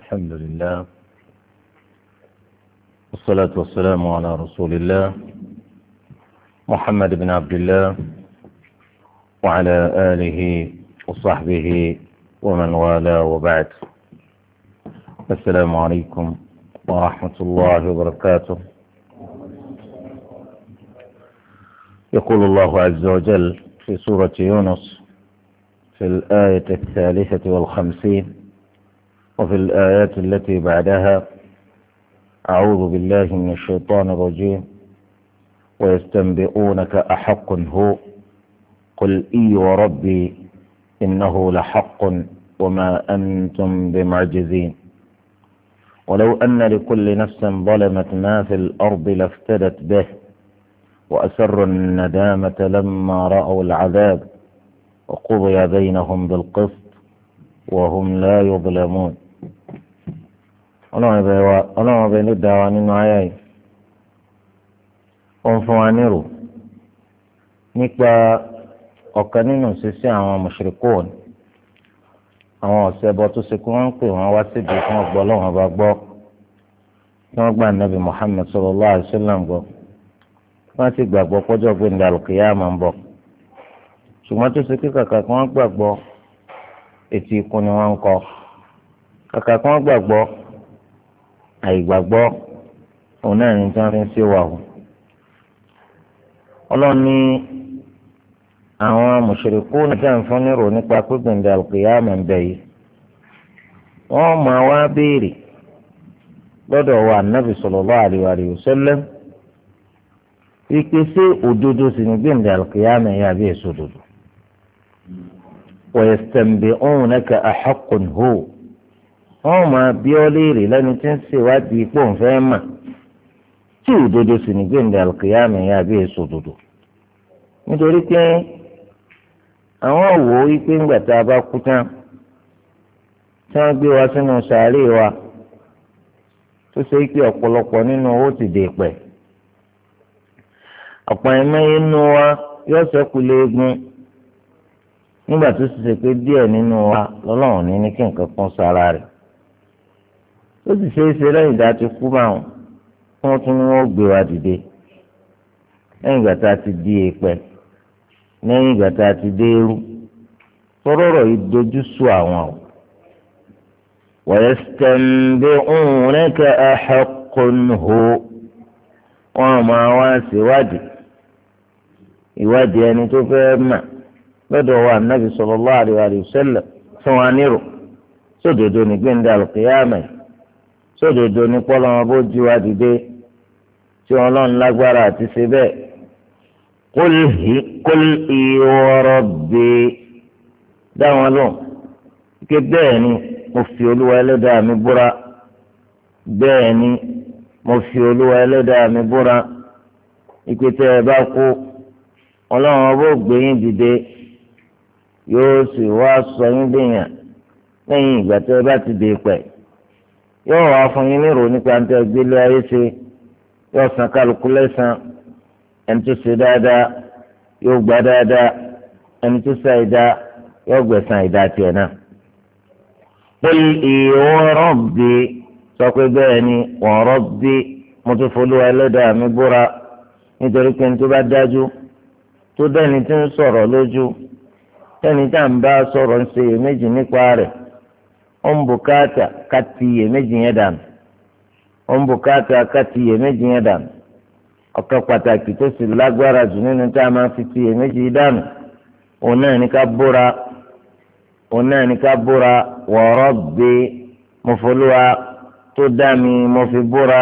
الحمد لله والصلاة والسلام على رسول الله محمد بن عبد الله وعلى آله وصحبه ومن والاه وبعد السلام عليكم ورحمة الله وبركاته يقول الله عز وجل في سورة يونس في الآية الثالثة والخمسين وفي الآيات التي بعدها أعوذ بالله من الشيطان الرجيم ويستنبئونك أحق هو قل إي وربي إنه لحق وما أنتم بمعجزين ولو أن لكل نفس ظلمت ما في الأرض لافتدت به وأسر الندامة لما رأوا العذاب وقضي بينهم بالقسط وهم لا يظلمون ọlọ́run ọbẹ̀ ló dá wa nínú ayé yìí ó ń fún wa nírò nípa ọ̀kan nínú àwọn àwọn tó ṣe kí wọ́n ń pè wọ́n wá síbi fún ọgbọ́n ọlọ́run ọba gbọ́ wọ́n wọ́n ti gbàgbọ́ pọ́jọ́ ń bọ̀ ṣùgbọ́n àìgbàgbọ́ òun náà ní tí wọ́n fi ń ṣe wà o. ọlọ́run ní àwọn mùṣírikù nàìjíríà ń fún nírò nípa pípéǹdé àlùkìyámà ń bẹ yìí. wọ́n máa wá béèrè lọ́dọ̀ wa ànábì sallallahu alaihi wasallam wípé ṣé òdodo sì ní gbéǹdé àlùkìyámà yìí àbí èso òdodo. wa yastanbi'unaka ahaqqun huwa. wọn máa bí ọ léèrè lẹ́ni tí ń ṣèwádìí ipò ń mà tí òdodo sì ní gbẹ̀ǹdà àlùkìyàmì yẹn àbí èso òdodo nítorí pé àwọn wò ó wípé ńgbà tá a bá gbé wa sínú sàárè wa tó ṣe pé ọ̀pọ̀lọpọ̀ nínú owó ti dè pẹ̀ ọ̀pọ̀ wa yóò ṣẹ́kù léegun nígbà tó ṣe pé díẹ̀ nínú wa lọ́lọ́run kí nǹkan ó sì ṣe é ṣe lẹ́yìn ìdá ti kú bá wọ́n tún ní wọ́n gbé wa dìde lẹ́yìn ìgbà tá a ti di èèpẹ̀ lẹ́yìn ìgbà tá a ti dé eru tọ́rọ̀rọ̀ yìí dojú sú àwọn o. ويستنبئونك أحق هو wọ́n máa wá ṣèwádìí ìwádìí ẹni tó fẹ́ mọ̀ lọ́dọ̀ wa nàbì fún sódodo ní pọ́lọ́mọ bó jí wa dìde tí ọlọ́run lágbára àti ṣe bẹ́ẹ̀ kul ìwọ rabbi dáwọn lóhùn ike bẹ́ẹ̀ ni mo fi olúwa ẹlẹ́dàá mi búra bẹ́ẹ̀ ni mo fi olúwa ẹlẹ́dàá mi búra ike ẹ bá kú ọlọ́run ọbọ̀ gbé dìde yóò sì wá sọ yín dèèyàn lẹ́yìn ìgbà tẹ́ ẹ bá ti dè pẹ̀lú. yóò wá fún yín nípa ní ẹgbẹ́lé ayé ṣe yóò san kálukú lẹ́sàn ẹni tó ṣe dáadáa yóò gbà dáadáa ẹni tó ṣe àìdá yóò gbẹ̀san àìdá tiẹ̀ náà. pé ìwọ rọ̀bì sọ pé bẹ́ẹ̀ ni wọ́n mo tún ẹlẹ́dàá mi búra nítorí pé ní tó bá dájú tó ó ń bùkátà ká ti iyèméjì yẹn dànù ó ń bùkátà ká ti iyèméjì yẹn dànù ọ̀kan pàtàkì fi ti iyèméjì dan òun náà ní ká búra òun náà ní ká búra wa mi mo fi búra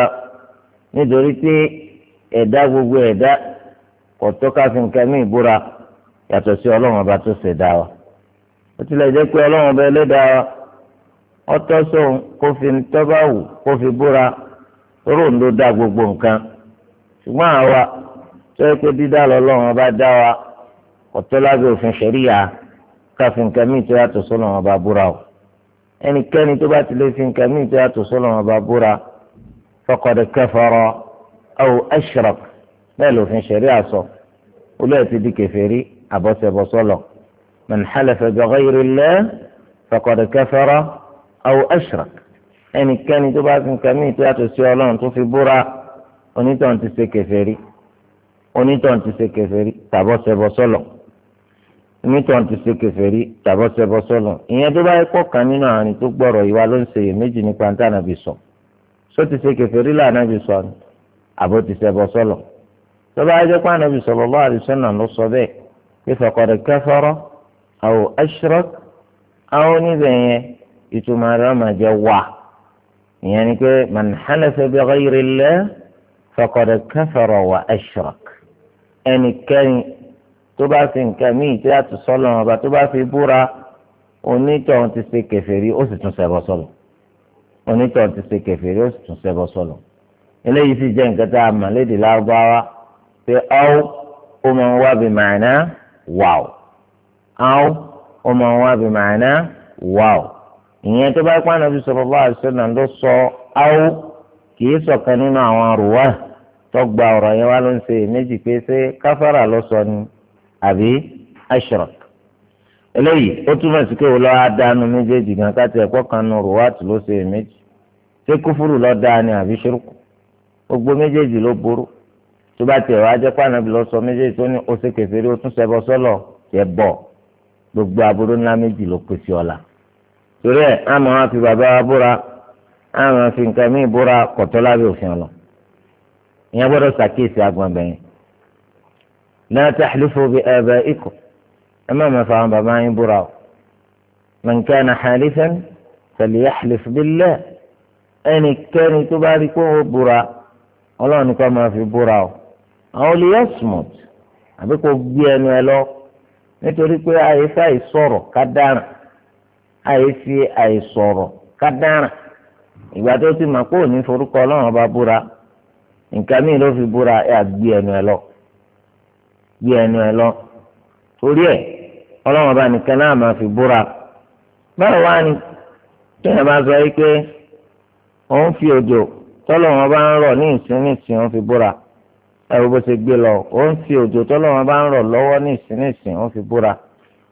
nítorí pé ẹ̀dá gbogbo ẹ̀dá mi bora ká fi nǹkan mí búra yàtọ̀ sí ọlọ́run ọba tó wa. ọtọ́ sóun kó fi tọ́ba wù kó fi búra toró ń ló dá gbogbo nǹkan ṣùgbọ́n àwa tó yẹ pé dídá lọ́lọ́run ọba dá wa ọ̀tọ́ lábẹ́ òfin ṣẹ̀ríyà káfí nǹkan míì tó yàtọ̀ sọ́lọ́run ọba búra o ẹnikẹ́ni tó bá ti lè fi nǹkan míì tó yàtọ̀ sọ́lọ́run ọba búra faqad kafara aw ashrak bẹ́ẹ̀ lòfin ṣẹ̀ríyà sọ olóyè ti di kèfèrí àbọ̀sẹ̀bọ̀sọ̀lọ̀ man halafa bi ghayri Allah faqad kafara àwọn ashrak ẹnikẹ́ni tó bá fi nǹkan míì tó yàtọ̀ sí ọlọ́run tó fi búra onítọ̀hún ti ṣe kèfèrí onítọ̀hún ti ṣe kèfèrí tàbọ̀sẹ̀bọ̀ sọ̀lọ̀ onítọ̀hún ti ṣe kèfèrí tàbọ̀sẹ̀bọ̀ sọ̀lọ̀ ìyẹn tó bá kọ́ kan nínú àárín tó gbọ́rọ̀ ìwà ló ń ṣe yè méjì nípa ní tànàbì sọ só ti ṣe kèfèrí lànàbì sọ ni àbó ti ṣẹbọ sọ̀lọ̀ tó bá jẹ́ pé ànàbì sallallahu alaihi wasallam ló sọ bẹ́ẹ̀ faqad kafara aw ashraka àwọn oníbẹ̀ ìtumọ̀ rámà jẹ́ wà ìyẹn ni pé man halafa bi ghayri Allah faqad kafara wa ashrak ẹnikẹ́ni tó bá fi nǹkan míì tí a tún sọ́lọ̀ ọba tó bá fi búra onítọ̀hún ti ṣe kèfèrí ó sì tún ṣẹbọ sọ́lọ̀ onítọ̀hún ti ṣe kèfèrí ó sì tún ṣẹbọ sọ́lọ̀ eléyìí sì jẹ́ nǹkan tá a mọ̀ lédè lárúbáwá pé ọ́ ó máa ń wá bí màánà wàù ọ́ ó máa ń wá bí màánà wàù ìyẹn tó bá pa nàbí sallallahu alaihi wasallam ló sọ áwó kì í sọ̀kan nínú àwọn àrùwá tó gba ọ̀rọ̀ yẹn wá ló ń ṣe méjì pé ṣé káfárà ló sọ ni àbí ashrak eléyìí ó túmọ̀ sí pé wọ́n adánu méjèèjì gan káti ẹ̀kọ́ kan nu rùwá tó ló ṣe méjì ṣé kúfúrú ló dá ni àbí ṣírùkù gbogbo méjèèjì ló burú tó bá tiẹ̀ wá jẹ́ pàànàbí lọ sọ méjèèjì tó ní ó ṣe kèfèrí ó tún ṣẹbọ sọ́lọ̀ yẹ bọ̀ gbogbo aburú ńlá méjì ló pèsè ọ̀la torí ẹ̀ á máa fi bàbá wa búra á máa fi nǹkan míì búra kọ̀tọ́ lábẹ́ òfin ọ̀lọ́ ìyẹn gbọ́dọ̀ ṣàkíyèsí agbọ̀n bẹ́yẹn la tahlifu bi abaikum ẹ má máa fa àwọn bàbá yín búra o man kana halifan falyahlif billah ẹnikẹ́ni tó bá rí pé ó búra ọlọ́run ní máa fi búra o àwọn olùyẹ smooth àbí kò gbé ẹnu ẹ lọ nítorí pé àyè fáì sọ̀rọ̀ ká dáràn àìsí àìsọ̀rọ̀ kádàrà ìgbà tó ti mọ̀ pé òní forúkọ ọlọ́run ọba búra nǹkan míì ló fi búra ẹ̀ àgbé ẹnu ẹ lọ gbé ẹnu ẹ lọ torí ẹ ọlọ́run ọba nìkan náà máa fi búra báwo wá ni tẹ́yìn bá sọ yìí pé òun fi òjò tọ́lọ́run bá ń rọ̀ ní ìsínísìn òun fi búra ẹ̀rù bó ṣe gbé lọ òun fi òjò tọ́lọ́run bá ń rọ̀ lọ́wọ́ ní ìsínísìn òun fi búra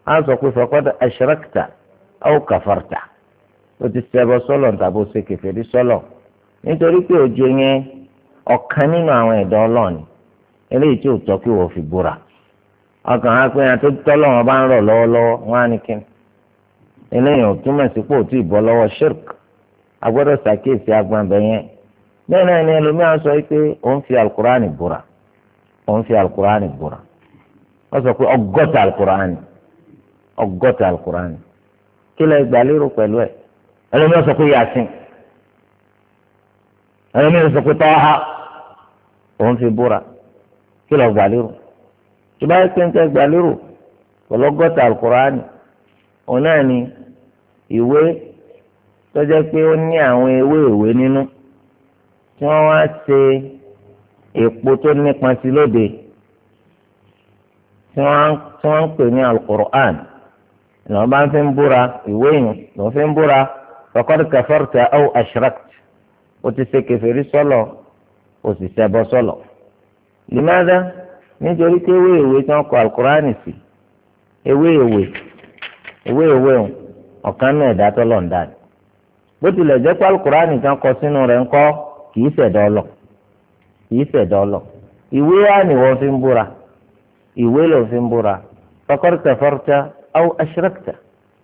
á sọ pé faqad ashrakta. ọ́ kàfàrtà o ti ṣẹbọ sọ́lọ̀ tàbí ó ṣe nítorí pé òjò yẹn ọ̀kan nínú àwọn ẹ̀dọ́ ọlọ́ọ̀ni eléyìí tí ò tọ́ kí wọ́n fi búra ọkàn á pé àti tọ́lọ̀ wọn bá ń rọ̀ lọ́wọ́lọ́wọ́ wọn á ní kí eléyìí ò túmọ̀ sí pé lọ́wọ́ shirk agbọ́dọ̀ sọ pé òun fi alukur'ani búra òun fi alukur'ani búra wọ́n sọ pé ọgọ́ta alukur'ani ọgọ́ta alukur'ani kí lè gbà lérò pẹ̀lú ẹ̀ ẹlòmíràn sọ pé yasin ẹlòmíràn sọ pé tọ́ha òun fi búra kí lè gbà lérò tí báyìí pé ń tẹ́ gbà lérò ọlọ́gọ́ta alukurani òun náà ni ìwé tó jẹ́ pé ó ní àwọn ewé ìwé nínú tí wọ́n wá ṣe èpo tó nípa sí lóde tí wọ́n ń pè ní alukurani ìnáwó bá ń fi ń búra ìwé yìí ló ń fi ń búra faqad kafarta aw ashrakt ó ti ṣe kèfèrí sọ́lọ̀ ó sì ṣẹbọ sọ́lọ̀ limadha nítorí pé ewé ìwé tí wọ́n kọ alukurani sí ewé ìwé ewé ìwé ọ̀kan náà ẹ̀dá tọ́lọ̀ ń dá ni bó tilẹ̀ jẹ́ pé alukurani tí wọ́n kọ sínú rẹ̀ ń kọ́ kìí ṣẹ̀dá kìí ṣẹ̀dá ìwé wa ni wọ́n fi ń búra ìwé ló aw ashrakta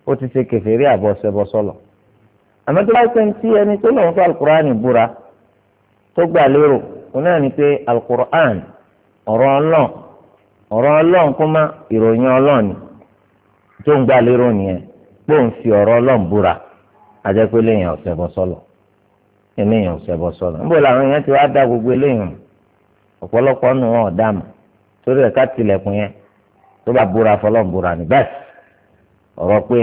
ó ti ṣe kèfèrí àbọ̀ṣẹbọ sọlọ àmọ́ tó bá sẹ́ni tí ẹni tó lọ́wọ́ fún alukur'an búra tó gbà lérò kò náà ni pé alukur'an ọ̀rọ̀ ọlọ́ọ̀ ọ̀rọ̀ ọlọ́ọ̀ kó má ìròyìn ọlọ́ọ̀ ni tó ń gbà lérò nìyẹn pé òun fi ọ̀rọ̀ ọlọ́ọ̀ búra àjẹpẹ́ lẹ́yìn ọ̀ṣẹbọ sọlọ eléyìn ọ̀ṣẹbọ níbo làwọn èèyàn ti wá dá gbogbo eléyìn ọ̀pọ̀lọpọ̀ nù wọn ọ̀dà torí ẹ̀ká tilẹ̀kùn yẹn tó bá búra fọlọ́ọ̀ búra ní bẹ́ẹ̀ ọ̀rọ̀ pé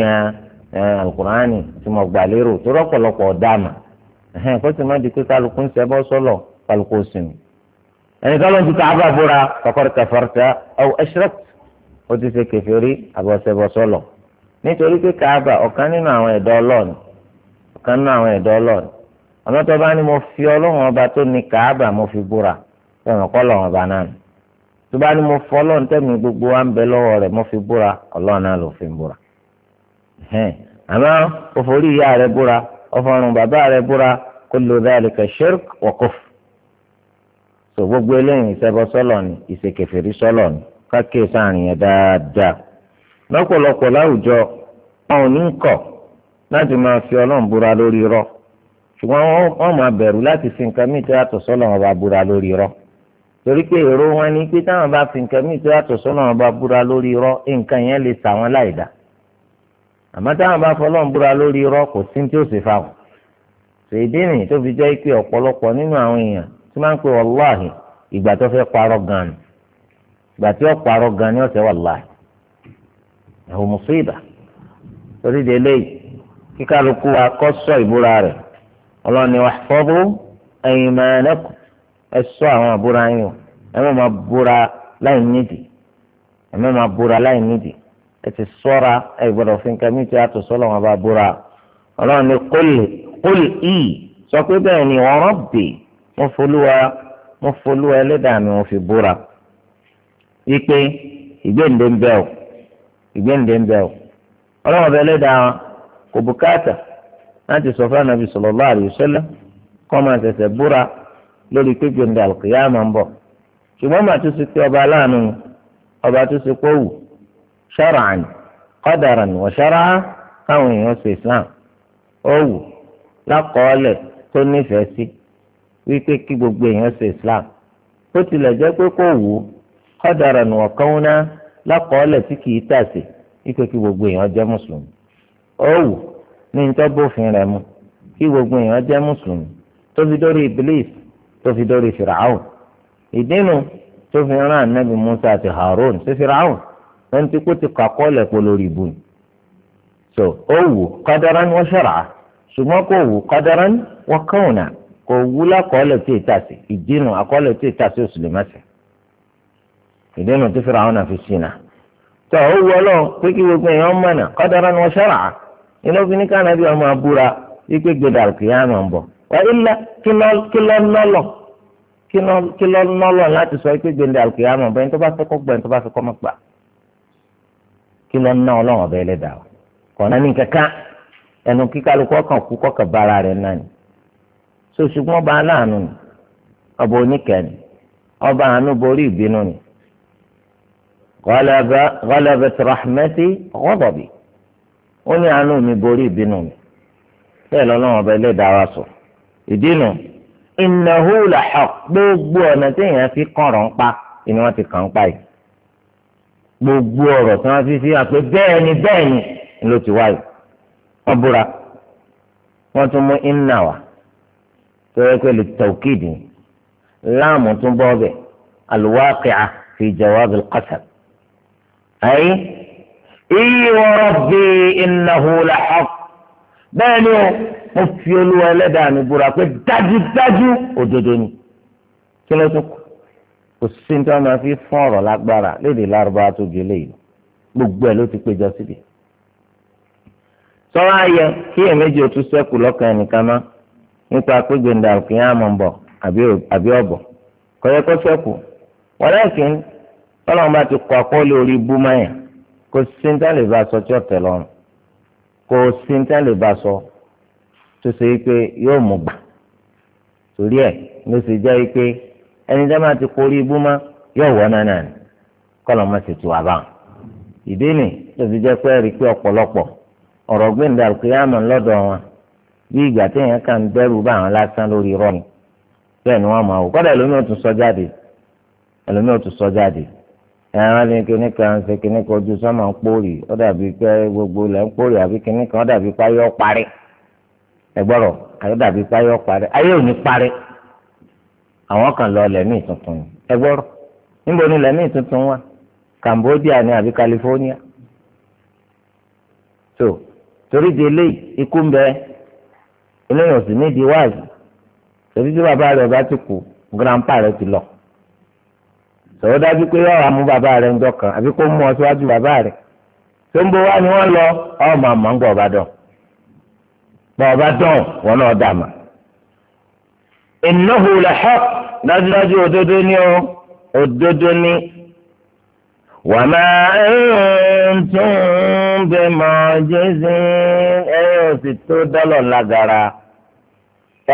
alukurani tí mo gbà lérò tó rọ́pọ̀lọpọ̀ ọ̀dàmà kó sì má di pé kálukú ń sẹ́bọ́ sọ́lọ̀ kálukú sinmi ẹni tó lóun ti ta abá kọ́kọ́rọ́ kẹfọ́rọ́tà ó ti ṣe sọ́lọ̀ nítorí pé káàbà ọ̀kan nínú àwọn ẹ̀dọ́ ọlọ́ọ̀ni ọ̀kan nínú àwọn ẹ̀dọ́ ọlọ́ọ̀ni bá ní àmọ́ òfòrí ìyá rẹ̀ búra bàbá rẹ̀ búra kullu dhalika shirk gbogbo eléyìí ìṣẹ́bọ sọ́lọ̀ ni ìṣèkèfèrí sọ́lọ̀ ni kákìí sáàrin yẹn dáadáa lọ́pọ̀lọpọ̀ láwùjọ wọn láti máa fi ọlọ́run búra lórí rọ ṣùgbọ́n wọ́n máa bẹ̀rù láti fi nǹkan sọ́lọ̀ wọn bá búra àmọ́ táwọn bá fọlọ́n búra lórí irọ́ kò sí tí ó sì fa wọn ṣèdí nìyí tó fi jẹ́ pé ọ̀pọ̀lọpọ̀ nínú àwọn èèyàn tí máa ń pè wàláhì ìgbà tó fẹ́ parọ́ gan ni ìgbà tí ó parọ́ gan ni ó ṣe wàláhì ẹ̀hùn mùsíbà torí de eléyìí kíkálukú wa kọ́ ìbúra rẹ̀ ọlọ́ni wa fọ́bù ẹ̀yìn mẹ́ẹ̀ẹ́dẹ́kù ẹ sọ àwọn àbúra yín o ẹ e ti sọ́ra ẹ gbọ́dọ̀ fi nǹkan mi sọlọ sọ́lọ́ wọn bá búra ọlọ́run ní kólì kólì sọ pé bẹ́ẹ̀ ni wọ́n rọ́bì mo folúwa mo folúwa ẹlẹ́dàá mi mo fi búra wípé ìgbéǹde ń bẹ ìgbéǹde ń bẹ ọlọ́run kò bùkátà láti sọ fún anabi kọ́ máa tẹ̀sẹ̀ búra lórí máa ń bọ̀ ṣùgbọ́n màá tún ṣe pé ọba aláàánú ọba tún ṣe ṣẹ́ràn kọ́dàrán wọ̀ṣẹ́rà káwọn èèyàn ṣe islam ó wù tó nífẹ̀ẹ́ sí wípé kí gbogbo èèyàn ṣe islam bó tilẹ̀ jẹ́ pé tí wípé gbogbo èèyàn jẹ́ mùsùlùmí rẹ mu kí gbogbo èèyàn jẹ́ mùsùlùmí tó fi dórí iblis tó fi dórí ìdínú fi ẹni tí kò ti kọ àkọọ́lẹ̀ lórí ibu ni so ó wù kọ́dọ̀rán wọ́n ṣẹ̀rà ṣùgbọ́n kò wù kọ́dọ̀rán wọ́n kàn náà kò wú lákọọ́lẹ̀ tí ì tàsí ìdínú àkọọ́lẹ̀ tí ì tàsí oṣù lè má sí ìdínú tí fúnra wọn náà fi sí náà tó ó wù ọlọ́run pé kí gbogbo èèyàn mọ̀nà kọ́dọ̀rán wọ́n ṣẹ̀rà inú fi ní kánábì ọmọ abúra wípé gbẹdàrú kìí àmọ̀ kí lọ ná ọlọ́run ọbẹ̀ ẹlẹ́dàá wa kọ̀ọ̀nà ní kankan ẹnu kíkálukú ọkàn kú kọ́kàn bára rẹ̀ náà ni so ṣùgbọ́n ọba aláàánú ni ọba oníkẹ́ni ọba àánú borí ìbínú ni ghalabat rahmati ghadabi ó ní àánú mi borí ìbínú mi bẹ́ẹ̀ lọ́lọ́run ọba ẹlẹ́dàá wa sọ ìdí nu innahu gbogbo ọ̀nà téèyàn fi kọ̀rọ̀ pa ni ti kàn pa yìí gbogbo ọ̀rọ̀ tí wọ́n fi sí àpé bẹ́ẹ̀ ni bẹ́ẹ̀ ni ló ti wáyé wọ́n búra wọ́n tún mú iná wá tó yẹ pé lè tawkidi láàmù tún bọ́ bẹ̀ alwaqi'a fi jawab alqasam. ayé iyì wa rabbi innahu lahaq bẹ́ẹ̀ ni o mo fi olúwa ẹlẹ́dàá mi búra pé dájúdájú òdodo ni kí ló tún kù kò sí ní tí wọ́n máa fi fún ọ̀rọ̀ lágbára léde lárúbá tó ju eléyìí gbogbo ẹ̀ ló ti péjọ síbi. sọ́wọ́ ayẹ kí èméjì òtún sẹ́kù lọ́kàn ẹnìkan má nípa pégbèǹda òkìyàn àmọ̀ ń bọ̀ àbí ọ̀bọ̀ kọ́yẹ́ kó sẹ́kù wọ́n lẹ́kìn tọ́lọ́mù bá ti kọ́ akọ́lé orí bú kò sí ní tí lè bá aṣọ tí ọ̀tẹ̀ lọ́rùn kò sí ní tí lè bá aṣọ tó ṣe é pé yóò mú gbà torí ẹ̀ ló ṣe jẹ́ pé ẹni tẹ́ máa ti kórí ibú mọ́ yóò wọ́n náà náà ni kọ́lọ́ máa ṣètò àbá ìdí ni tó fi jẹ́ pé rí i pé ọ̀pọ̀lọpọ̀ ọ̀rọ̀ gbẹ̀ǹdà kìyàmọ̀ lọ́dọ̀ wọn bí ìgbà téèyàn kà ń dẹ́rù bá àwọn lásán lórí irọ́ ni bẹ́ẹ̀ ni wọ́n máa wò kọ́dà ẹlòmíràn tún sọ jáde ẹlòmíràn tún sọ jáde ẹran ní kíní kan ṣe kíní kan ojú sọ́mà ń pòrì ó dàbí pé gbogbo ilẹ̀ ń pòrì àbí kíní kan ó dàbí páyọ́ parí ẹgbọ́rọ̀ ó dàbí páyọ́ parí ayé ò ní parí àwọn kan lọ lẹ́mí tuntun ni ẹ gbọ́rọ̀ níbo ni lẹ́mí tuntun wà Cambodia ni àbí California so torí di eléyìí ikú ń bẹ eléyìí ò sì ní di wáàzì torí tí bàbá rẹ̀ bá ti kú grandpa rẹ̀ ti lọ sọ̀rọ̀ dájú pé yọ̀ọ́ àmú bàbá rẹ̀ ń dọ̀kan àbí kó mú ọ síwájú bàbá rẹ̀ tó ń bo wá ni wọ́n lọ ọ́ màá mọ̀ ń gbọ́ ọba dán gbọ́ ọba dán wọn náà dà mà. innahu la haqq dájúdájú òdodo ni o òdodo ni wà máa ń tún bẹ mọ jésù ẹ yóò sì tó dọ́lọ̀ lágara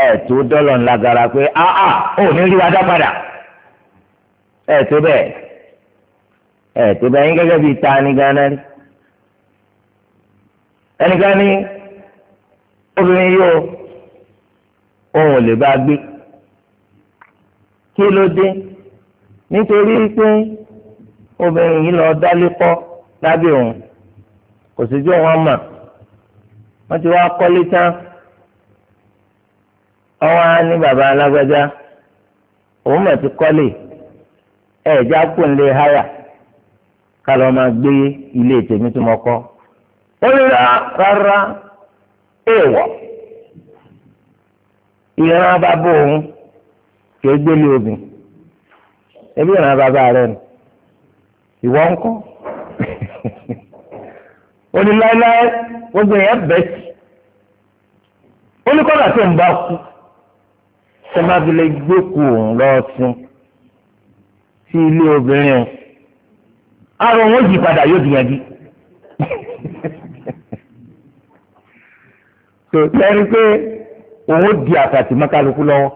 ẹ tó dọ́lọ̀ lágara pé áá ò ní rí wa dá padà ẹ tó bẹ́ẹ̀ ẹ tó bẹ́ẹ̀ yín gẹ́gẹ́ bíi ta ni gánà rí ẹnìkan ní obìnrin yóò òun ò lè bá gbé. kí ló dé nítorí pé obìnrin yìí lọ dálé kọ́ lábẹ́ òun kò sí bí wọ́n mà ti wá kọ́lé tán ọwọ́ á ní bàbá alágbájá òun mà ti kọ́lé ẹ̀ẹ́dá kò ń lè háyà ká lọ́ọ́ máa gbé ilé tèmi tó kì í gbélé obìn ebi ìran bàbá rẹ nù ìwọ ńkọ́ ó ní láéláé gbogbo èèyàn bẹ́ẹ̀ sí ó ní kọ́lá tó ń bá kú ṣe má fi lè gbé kú òun lọ́ọ́ sùn sí ilé obìnrin o ara òun ó yí padà yóò dìyànjú. tó lẹ́rìí pé òun ó di àtàtì mọ́kálukú lọ́wọ́.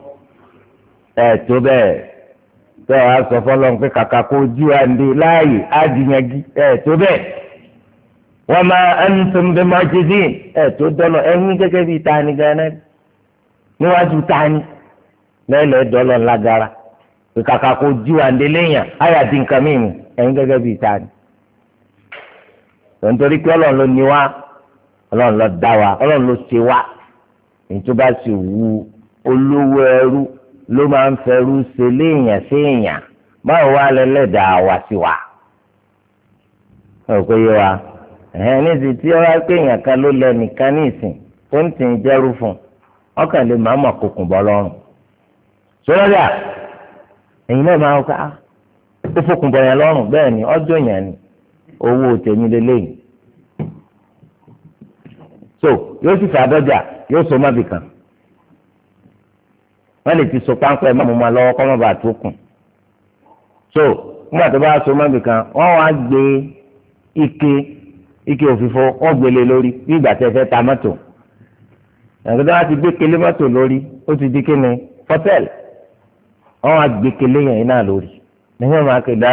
ẹ̀ tó bẹ́ẹ̀ tẹ́ ẹ sọ pé kàkà kó jí wa láàyè á di tó bẹ́ẹ̀ wọ́n máa ẹni ń bẹ máa ṣe dín tó dọ́lọ̀ ẹ̀yìn gẹ́gẹ́ bíi tani gan níwájú tani lẹ́lẹ̀ dọ́lọ̀ lágara pé kàkà kó nǹkan bíi tani tontori pé ló ní wa ló dá wa ló máa ń fẹrú ṣe léèyàn séèyàn báwo wá lẹlẹdà wá sí wa ọ̀pọ̀ wa ẹ̀hẹ́n níbi tí ọba pé èèyàn kan ló lẹ nìkan ní ìsìn tó ń tì í jẹ́rú fún ọkàn lè máa mọ̀ kókùn bọ́ lọ́rùn náà máa ń ká ah, ó fòkùn bọ̀ so yóò sì fà dọ́jà yóò so wọ́n lè ti so páńpẹ́ mọ́ mọ́ lọ́wọ́ kọ́ mọ́ bàá tó kùn so nígbà tó bá so mọ́bì kan wọ́n wá gbé ike ike òfìfo wọ́n gbélé lórí bí ìgbà tẹ́ fẹ́ ta mọ́tò ẹ̀gbẹ́ tó bá ti gbé kele mọ́tò lórí ó ti di kíni fọ́tẹ́l wọ́n wá gbé kele yẹn iná lórí lẹ́yìn ọ̀ma kẹ̀dá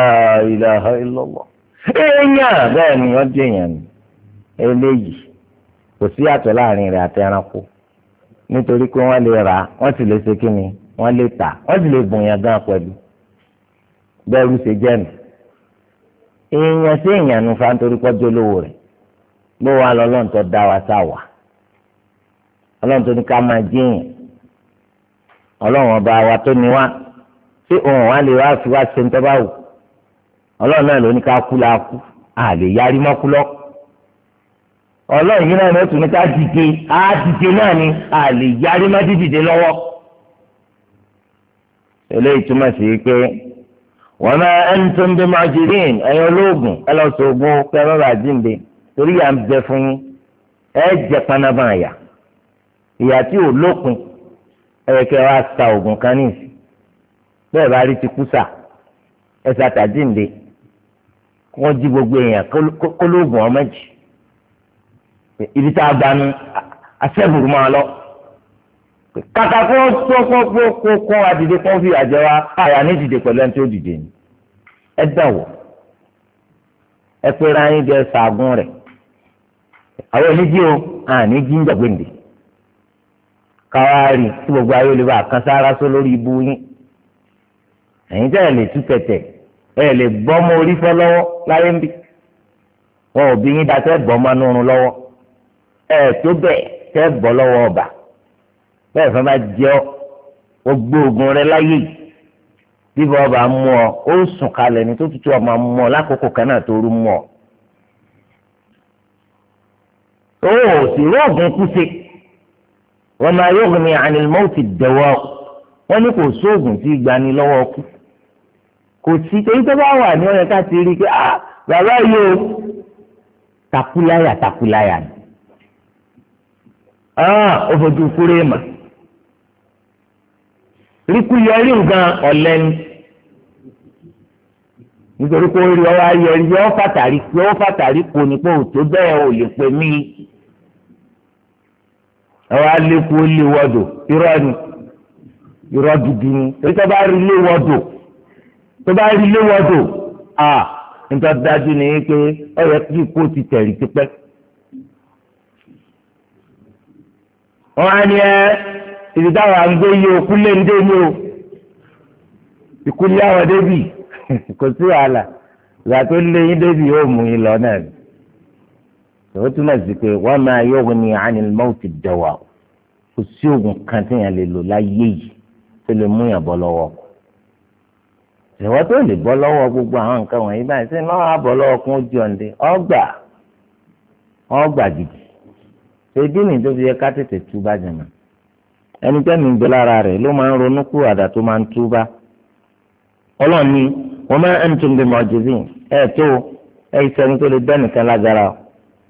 ilẹ̀ ìlọ́wọ́ èèyàn bẹ́ẹ̀ ni wọ́n dé èèyàn ni eléyìí kò sí àtọ̀ láàrin rẹ̀ àti ẹranko nítorí pé wọ́n lè rà á wọ́n sì lè ṣe kí ni wọ́n lè tà wọ́n sì lè bùn yàn gan pẹ̀lú bẹ́ẹ̀rù ṣe jẹ́ mi. èèyàn sí èèyàn nu fa nítorí pé ọjọ́ lówó rẹ̀ ló wà lọ́lọ́run tó dá wa sáwà ọlọ́run tó ní ká máa jíyàn ọlọ́run ọba wa tó ní wá tí òun wá lè wá fi wá ṣe ń tọ́ bá wù ọlọ́run náà ló ní ká kú la àlè yarí mọ́kú ọlọ́run yìí náà ni ní ká dìde á dìde náà ni a lè yarí má dídìde lọ́wọ́. eléyìí túmọ̀ sí pé wa ma antum bi mu'jizin ẹ̀yin olóògùn ẹ lọ sọ oògùn kẹrọrọ àjíǹde torí yà ń bẹ fún yín ẹ jẹ panaba àyà ìyà tí ò lópin ẹ kẹ wá sa oògùn kan ní ìsìn bá rí ti kú sà ẹ sàtàjíǹde wọ́n jí gbogbo èèyàn kólóògùn ọmọ jì ibi tá a gbanu asẹ́bùrù máa lọ kàkà kó tó kó kó kó kó adìde kó fi àjẹ wa àyà ní dìde pẹ̀lú ẹni tó dìde ni ẹ dàwọ̀ ẹ pera yín jẹ sàgùn rẹ̀ àwọn oníjì o àní jíjà gbèǹde káwáárì tí gbogbo ayé olè bá kan sára só lórí ibú yín ẹ̀yin tẹ́ ẹ̀ lè tú tẹ̀tẹ̀ ẹ̀ lè gbọ́mọ orí fọ́ lọ́wọ́ láyé ń bì wọn ò bí yín dàtẹ́ gbọ́mọ nírun lọ́wọ́ ẹ tó bẹ́ẹ̀ tẹ́ bọ́ lọ́wọ́ ọba bẹ́ẹ̀ fẹ́ bá jẹ́ ọ gbogbo ogun rẹ láyé bíbọ̀ ọba mú ọ ó sùn kalẹ̀ ní tó tutù ọmọ mú ọ lákòókò kan náà tó mú ọ. ó sì róògùn kú sí wọn máa yóògùn ní ànilmọ́ọ̀tì dẹ̀wọ́ wọn ní kò sóògùn tí gbani lọ́wọ́ kú kò sí torí tó bá wà ní ọ̀yẹ́ ká ti rí i pé ah bàbá yìí o takuláyà takuláyà ni Ah, fojú kúrè mà ríkú yẹrí nǹkan ọ̀lẹ́ni nítorí pé orí ọwọ́ ayẹri yọ fàtàrí pé ó fàtàrí kò ní pé òtó bẹ́ẹ̀ ò lè pè mí ọwọ́ alẹ́kú ó lé wọ́dọ̀ irọ́ ni irọ́ gidi ni torí tó bá rí lé wọ́dọ̀ tó bá rí lé wọ́dọ̀ à nítorí dájú ni pé ó kí ikú ti tẹ̀rí tipẹ́. wọn á ní ẹ ibi táwọn àgbẹ̀ yìí òkú lé ń dé ní o ikú lé àwọn débì kò sí wàhálà ìgbà tó lé yín débì yóò mú yín lọ náà ni tòun túmọ̀ sí pé wọ́n máa yọ̀wọ́ ní ànilmọ́ọ̀tì dẹ̀wà kò sí oògùn kan téèyàn lè lò láyé yìí tó lè mú yàn bọ́ lọ́wọ́ ìwọ́n tó lè bọ́ lọ́wọ́ gbogbo àwọn nǹkan wọ̀nyí báyìí sí náà á bọ́ lọ́wọ́ kún ojú ọ̀ǹdẹ ọgbà ọgbà gidi ṣèdí ni tó yẹ ká tètè túbá jẹ̀nà ẹni tẹ́mi gbé lára rẹ̀ ló máa ń ronú kú àdá tó máa ń ni wọ́n máa ń tún bí mọ̀jìzín ẹ̀ tó ẹ̀ sẹ́ni tó lè dẹ́nìkan lágbára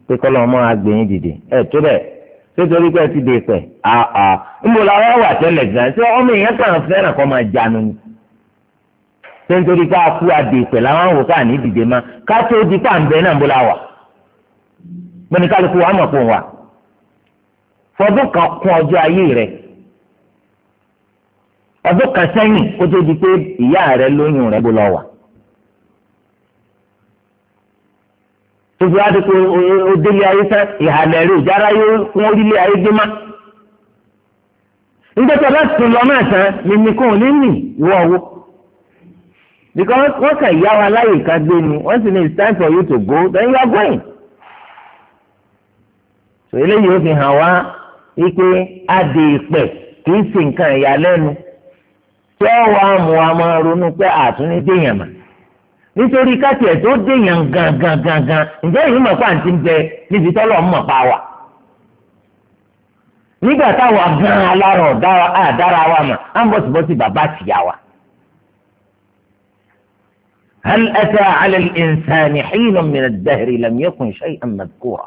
pé kọ́lọ́run máa gbẹ̀yìn dìde ẹ̀ tó pé ẹ ti a kú àdè pẹ̀ làwọn wò káà ní dìde má ká tó di wa fọdún kan kún ọjọ́ ayé rẹ̀ ọdún kan sẹ́yìn kó tó di pé ìyá rẹ̀ lóyún rẹ̀ bó lọ wà. tóbi wá di pé o délé ayé sẹ́ ìhàlẹ̀ rẹ̀ òjára yóò kún orílẹ̀ ayé gbé má. nígbà tí a bá sùn lọ náà tán mímí kò ní nì wọ́ owó. because wọ́n kàn yá wa láyè ká gbé ni wọ́n sì ní it's time for you to go then you are going. so eléyìí ó fi hàn wá wípé adè ìpè kì í sì nǹkan ìyàlẹ́nu tí ó wà mú wa ronú pé àtúní déyàn mà nítorí kátiẹ̀ tó déyàn gangan gangan ǹjẹ́ ìlú mọ̀ pàǹtí ń bẹ níbi tọ́lọ̀ mọ̀ pa wà nígbà táwa gan alára àdára wa mà á ń bọ̀sibọ́sì bàbá àtìyá wa. هل أتى على الإنسان حين من الدهر لم يكن شيئا مذكورا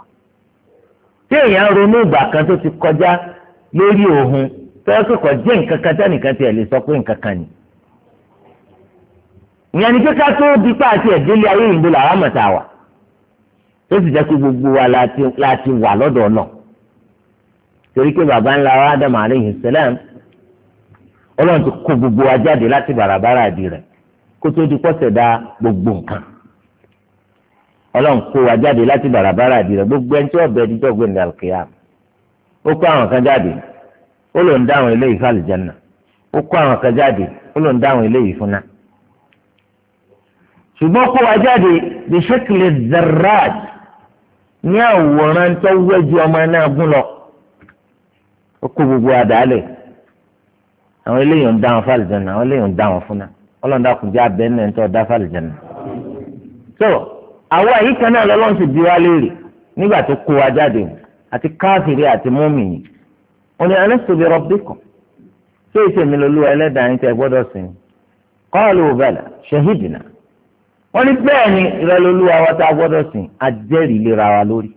tí ronú ìgbà kan tó ti kọjá lórí òhun tọ́wọ́ kọ̀kọ́ jẹ́ nǹkan kan tẹ́nìkan lè sọ pé nǹkan kan ni. ìyẹn ni kíkà tó di ayé ìlú làwọn àmọ̀tà wà tó gbogbo wa lati wà lọ́dọ̀ náà baba ńlá wa alayhi salam ọlọ́run ti gbogbo wa jáde láti bàràbàrà àdì rẹ̀ kó tó di pọ́sẹ̀ gbogbo nǹkan. ọlọ́run kó wa jáde láti bàràbàrà àdìrẹ gbogbo ẹni tí ọbẹ̀ ẹni tó gbẹ̀ndé àlùkìyà ó kó àwọn kan jáde ó lòún dá àwọn eléyìí fún àlùjánnà ó kó àwọn kan jáde ó lòún dá àwọn eléyìí fún náà. ṣùgbọ́n kó wa jáde bí ṣẹ́kìlì zarad ní àwòrán tó wẹ́jú ọmọ náà gún lọ ó kó gbogbo àdáálẹ̀ àwọn eléyìí ń dá wọn fún àlùjánnà àwọn eléyìí ń dá wọn fún náà ọlọ́run dákun jẹ́ abẹ́ náà ń tọ́ àwa yìí kan náà lọ́lọ́run sì bí wa léèrè nígbà tó kó wa jáde àti káfíìrì àti mùmínì ó ní alastu bi rabbikum ṣé ìṣèmi lolú ẹlẹ́dàá yín tẹ́ gbọ́dọ̀ sìn qalu bala shahidna wọ́n ní bẹ́ẹ̀ ni ìrẹ́lólúwa wa tá a gbọ́dọ̀ sìn ajẹ́rìí lera wa lórí.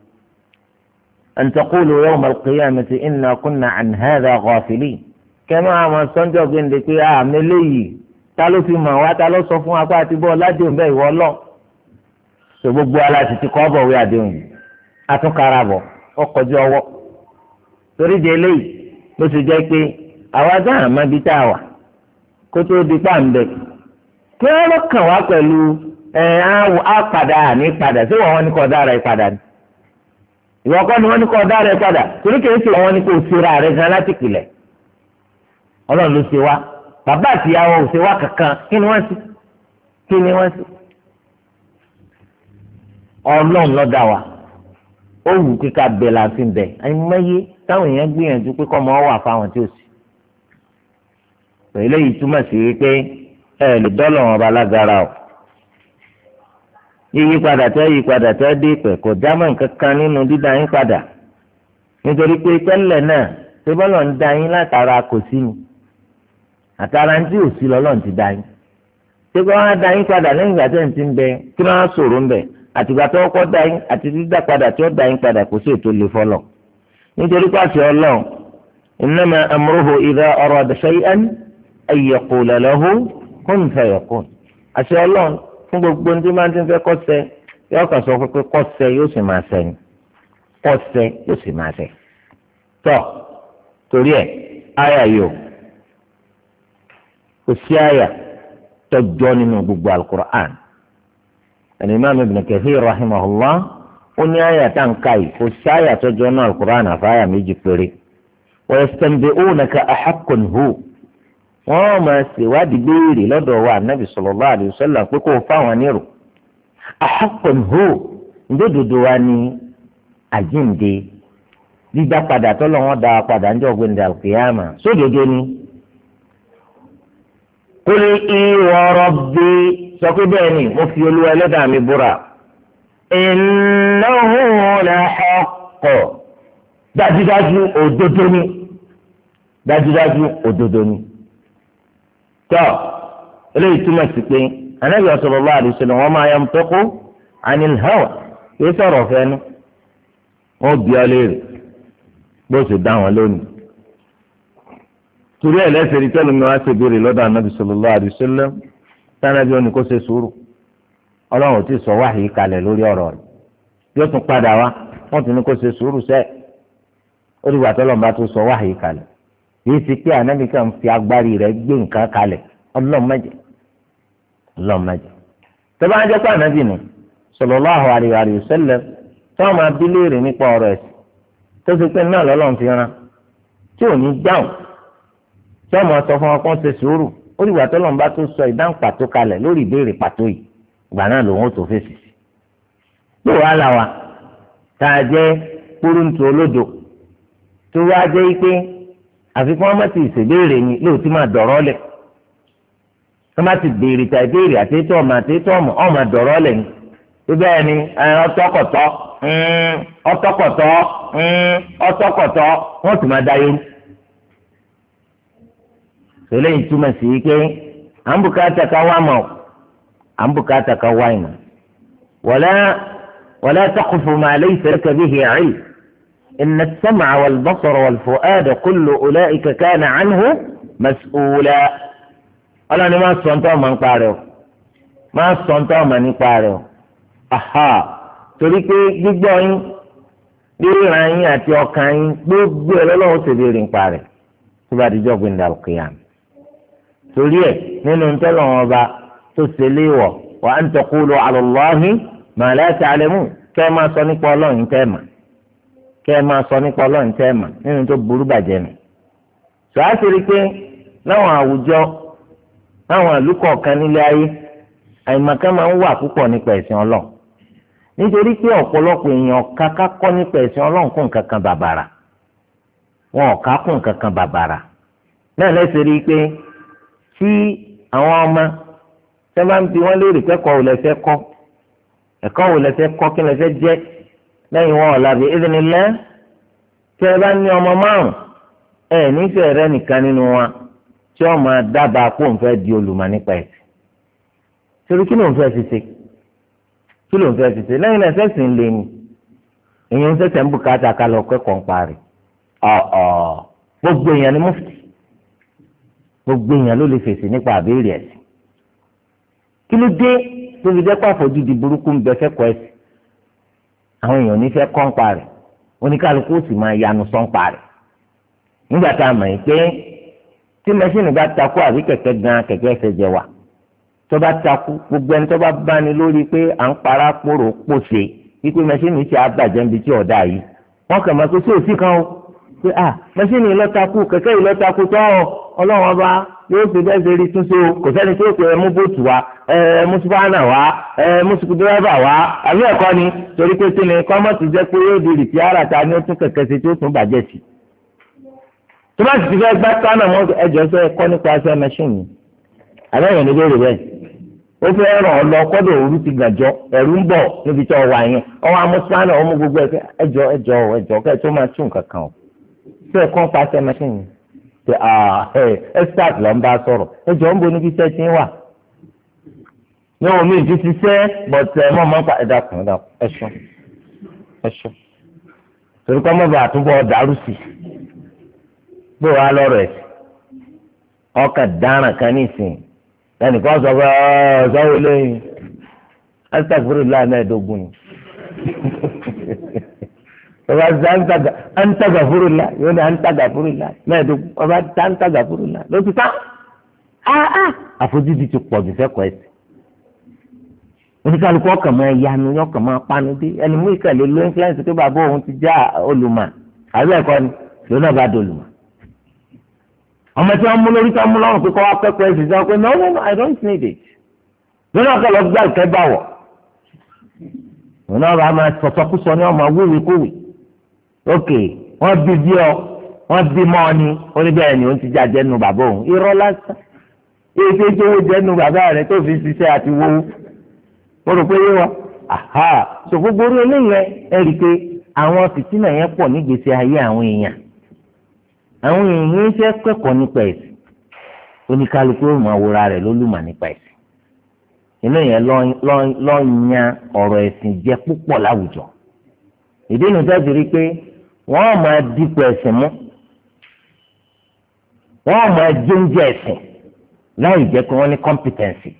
an taqulu yawma pé àmì ah, eléyìí ta ló fi mọ̀ wá ta so gbogbo aláṣẹ ti kọ́ bọ̀wé àdéhùn atúnkara bọ̀ ọkọjú ọwọ́ torí di eléyìí ló ti jẹ́ pé àwa dá àmàbí tá a wà kó tó di pàǹbẹ̀ kí wọ́n lọ kàn wá pẹ̀lú ẹ̀ á padà padà ní kọ́ dára padà ni ìwọ kọ́ ni wọ́n ní kọ́ dára kankan kí ni ọlọ́run ló dá wa ó wù bẹ̀ la fi bẹ̀ àìmọye táwọn èèyàn gbìyànjú pé kọ́ máa wà fáwọn tí pẹ̀lú èyí túmọ̀ sí pé ẹ lè wọn bá o yíyí tẹ́ yí tẹ́ dé e kò já mọ́ nǹkan kan nínú dídá yín padà nítorí pé tẹ́lẹ̀ náà bọ́lọ̀ da yín látara kò sí ni àtara ń tí ò sí ti da yín ṣé yín padà lẹ́yìn ìgbà tẹ́ ń ti ń bẹ kí wọ́n á ń bẹ̀ àtìgbà tó kọ́ da yín àti dídá padà tí ó da yín padà kò sí ètò lè fọlọ̀ nítorí pàṣẹ ọlọ́run innama amruhu idha arada shay'an ay yaqula lahu kun fayakun àṣẹ ọlọ́run fún gbogbo ní tí máa ti fẹ́ kọ́ sẹ́ yóò kàn sọ pé kọ́ sẹ́ yóò sì máa sẹ́ ni kọ́ sẹ́ yóò sì máa sẹ́ tọ́ torí ẹ̀ áyà yìí kò sí áyà tọ́jọ́ nínú gbogbo alukur'an Al-Imam Ibn Kathir rahimahullah onye ní àyà tá à ń ka yìí kò na àyà tó jọ náà Al-Qur'an àfáyà méjì péré wa yastanbi'unaka ahaqqun hu wọ́n máa ṣèwádìí béèrè wa Ànábì sallallahu alayhi hu ni àjíǹde dídá padà tọ́lọ́ dá padà ń sódodo ni. kúlí ìwọ̀rọ̀ bí sọ pé bẹ́ẹ̀ ni mo fi olúwa ẹlẹ́dàá mi búra. ìnáwó la ọkọ̀ dájúdájú òdodo ni dájúdájú òdodo ni. tọ́ eléyìí túmọ̀ sí pé anábì sallallahu alaihi wasallam wa ma yantiqu anil hawa kì í sọ̀rọ̀ fẹ́nu wọ́n bí ọ léèrè bó ṣe dá wọn lónìí. torí ẹ̀ lẹ́sẹ̀ rí pẹ́lú mi wá ṣe béèrè lọ́dọ̀ ànábì sallallahu alaihi wasallam tánàbí òní kó ṣe sùúrù ọlọ́run ò tí sọ wáhìí kalẹ̀ lórí ọrọ rẹ̀ yóò tún padà wá wọ́n ti ní kó ṣe sùúrù sẹ́ẹ̀ ó dìgbà tọ́lọ́run bá tó sọ wáhìí kalẹ̀ yìí ti pé ànábì kan fi agbárí rẹ̀ gbé nǹkan kalẹ ọlọ́run má jẹ́ ọlọ́run má jẹ́ tó bá ń jẹ́ pé ànábì nù sallallahu alaihi máa bí léèrè nípa tó ti pé náà rán tí ò ní dáhùn tí ọmọ sọ fún ọkọ ṣe sùúrù ó dìgbà tó lọ́nba tó sọ ìdáhùn pàtó kalẹ̀ lórí ìbéèrè pàtó yìí ìgbà náà lòun ó tó fèsì sí. bí wàhálà wa tá a jẹ́ tó wá jẹ́ pé àfikún ọmọ ti ìṣèbéèrè ni máa dọ̀rọ̀ lẹ̀ ọmọ ti béèrè tòlẹ́ yìí túmọ̀ sí pé à ń bùkátà ká wá mọ̀ à ń bùkátà ká wá ìmọ̀ wala wala taqfu ma laysa laka bihi ilm inna as-sam'a wal basara wal fu'ada kullu ula'ika kana anhu mas'ula ọlọ́ni máa sọ ntọ́ ọmọ nípa rẹ̀ o máa sọ ntọ́ ọmọ nípa rẹ̀ aha torí pé gbígbọ́ yín ríra yín àti ọkàn yín gbogbo ẹ̀ lọ́wọ́ ṣèlérí torí e, nínú ntọ́lọ̀ wọn ọba tó ṣe léèwọ̀ wa an taqulu ma la ta'lamun kẹ́ ẹ máa sọ nípa ọlọ́run tẹ́ ẹ mà kẹ́ ẹ máa sọ nípa ọlọ́run tẹ́ ẹ mà nínú tó burú bàjẹ́ nù. sọ́wọ́n pé láwọn àwùjọ láwọn ìlú kọ̀ọ̀kan nílé ayé àìmọ̀kan máa ń wà púpọ̀ nípa ẹ̀sìn ọlọ́run nítorí pé ọ̀pọ̀lọpọ̀ èèyàn kaká kọ́ nípa ẹ̀sìn tí àwọn ọmọ tẹ́ bá ń bi wọ́n léèrè kẹ́kọ̀ọ́ wò lẹ́sẹ̀ kọ́ ẹ̀kọ́ wò lẹ́sẹ̀ kọ́ kí lẹ́sẹ̀ jẹ́ lẹ́yìn wọn ọ̀la bí ẹ̀dínní lẹ́ tẹ́ bá ní ọmọ márùn ẹ̀ nífẹ̀ẹ́ rẹ nìkan nínú wọn tí ọmọ dábàá kó ń fẹ́ di olùmọ̀ nípa ẹ̀sìn torí kí ló ń fẹ́ ti ṣe kí ló ń fẹ́ ti ṣe lẹ́yìn náà ẹ̀sẹ̀ sì ń lé ni èyí ń sẹ̀sẹ̀ ń bùkátà ká lọ kẹ́kọ̀ọ́ ń parí ọ̀ọ̀ gbogbo èèyàn ni mufti gbogbo èèyàn ló lè fèsì nípa àbẹ́rẹ́ ẹ̀sìn kí ló dé tó fi dẹ́pọ̀ àfojúdi burúkú ń bẹ fẹ́kọ̀ọ́ ẹ̀sìn àwọn èèyàn ní fẹ́ kọ́ńpa rẹ̀ oníkálukú sì máa yanu sọ́ńpa rẹ̀ nígbà tá a mọ̀ yìí pé tí mẹ́ṣíìnì bá takú àbí kẹ̀kẹ́ gan kẹ̀kẹ́ ẹsẹ̀ jẹ wà tó bá takú gbogbo ẹni tó bá bá ní lórí pé à ń para kpóró pòṣe wípé mẹ́ṣíìnì ti àbàjẹ́ níbi tí ọ̀dà yìí wọ́n kàn máa pé sí òsì kan o pé à mẹ́sìnì ìlọ́takù kẹ̀kẹ́ ìlọ́takù tọ́ ọlọ́run ọba yóò fi bẹ́ẹ̀ ṣe rí túnṣe o kò sẹ́ni tí ó pè mú bóòtù wa ẹ mú sípáánà wa ẹ mú sukùdírẹ́bà wa àbí ẹ̀kọ́ ni torí pé kí ni kọ́mọ̀tì jẹ́ pé yóò di rìpí àràtà ni ó tún kẹ̀kẹ́ ṣe tí ó tún bàjẹ́ sí. tó bá sì ti fẹ́ gbá kánà mọ́ ẹjọ́ sọ ẹ̀kọ́ nípa ẹsẹ̀ mẹ́ṣíìnì àbẹ́yẹn ló béèrè bẹ́ẹ̀ ó fẹ́ ràn ọ́ lọ kọ́dọ̀ òru ti gàjọ ẹ̀rú ń bọ̀ níbi tí ọ wà yẹn ọ wá mú sípáánà ọ mú gbogbo ẹ̀jọ̀ ẹ̀jọ̀ ẹ̀jọ̀ kẹ́ẹ̀ tó máa tún kankan o tó ẹ̀ kàn pàṣẹ machine ṣe expert ló ń bá sọ̀rọ̀ ẹ jọ ń bo níbi iṣẹ́ tí ń wà ní ohun mi ti ṣiṣẹ́ but ẹ mọ̀ mọ́ pa ẹ̀dá kan ẹ̀dá ẹ ṣọ́ ẹ ṣọ́ torí kọ́ mọ́ bá àtúbọ̀ dàrú sí gbé wa lọ́rọ̀ ẹ̀ ọkàn dáràn kan nísìnyí ẹnìkan sọ pé ọ̀ ọ̀ sọ́wọ́ lẹ́yìn ẹ̀ ṣàkóso láàánú ẹ̀ẹ́dógún ni. ọba ṣe àǹtàgà fúrúlà yóò ní àǹtàgà fúrúlà mẹ́ẹ̀ẹ́dógún ọba ṣe àǹtàgà fúrúlà ló ti tán àfojúdi ti pọ̀ jù fẹ́kọ̀ọ́ ẹ̀sìn oníkàlùkù ọkàn máa yanu ọkàn máa panu dé ẹnìmú ìkàlẹ̀ ló influence pé bàbá òun ti já olùmọ̀ àbí ẹ̀kọ́ ni lónà bá dolùmọ̀ ọmọ tí wọ́n mú lórí tí wọ́n mú lọ́rùn pé kọ́ wá pẹ́kọ̀ọ́ ẹ̀sìn sọ pé no no no I don't need it lónà ọ̀kọ́ lọ gbà ìkẹ́ bá wọ̀ lónà ọ̀rọ̀ a máa sọ̀tọ́kùsọ ní ọmọ wúwèkúwèé ókè wọ́n bí bí ọ wọ́n bí mọ́ ọ ni ó ní bẹ́ẹ̀ ni ó ti jà jẹ́nu bàbá òun irọ́ lásán ètò ìjọwọ́ jẹ́nu bàbá rẹ̀ tó fi ṣiṣẹ́ àti wọ́wọ́ mo rò pé yé wa aha sọ gbogbo orí eléyẹn ẹ rí i pé àwọn fìtínà yẹn pọ̀ nígbèsè ayé àwọn èèyàn àwọn èèyàn yẹn fẹ́ kẹ́kọ̀ọ́ nípa ẹ̀sìn oníkálukú ó máa wòra rẹ̀ lólùmọ̀ nípa ẹ̀sìn inú yẹn lọ́ọ́ yan ọ̀rọ̀ ẹ̀sìn jẹ púpọ̀ láwùjọ ìdí nìjọ́ ti rí i pé wọ́n máa dìpọ̀ ẹ̀sìn mú wọ́n máa jẹ oúnjẹ ẹ̀sìn láì jẹ́ pé wọ́n ní competency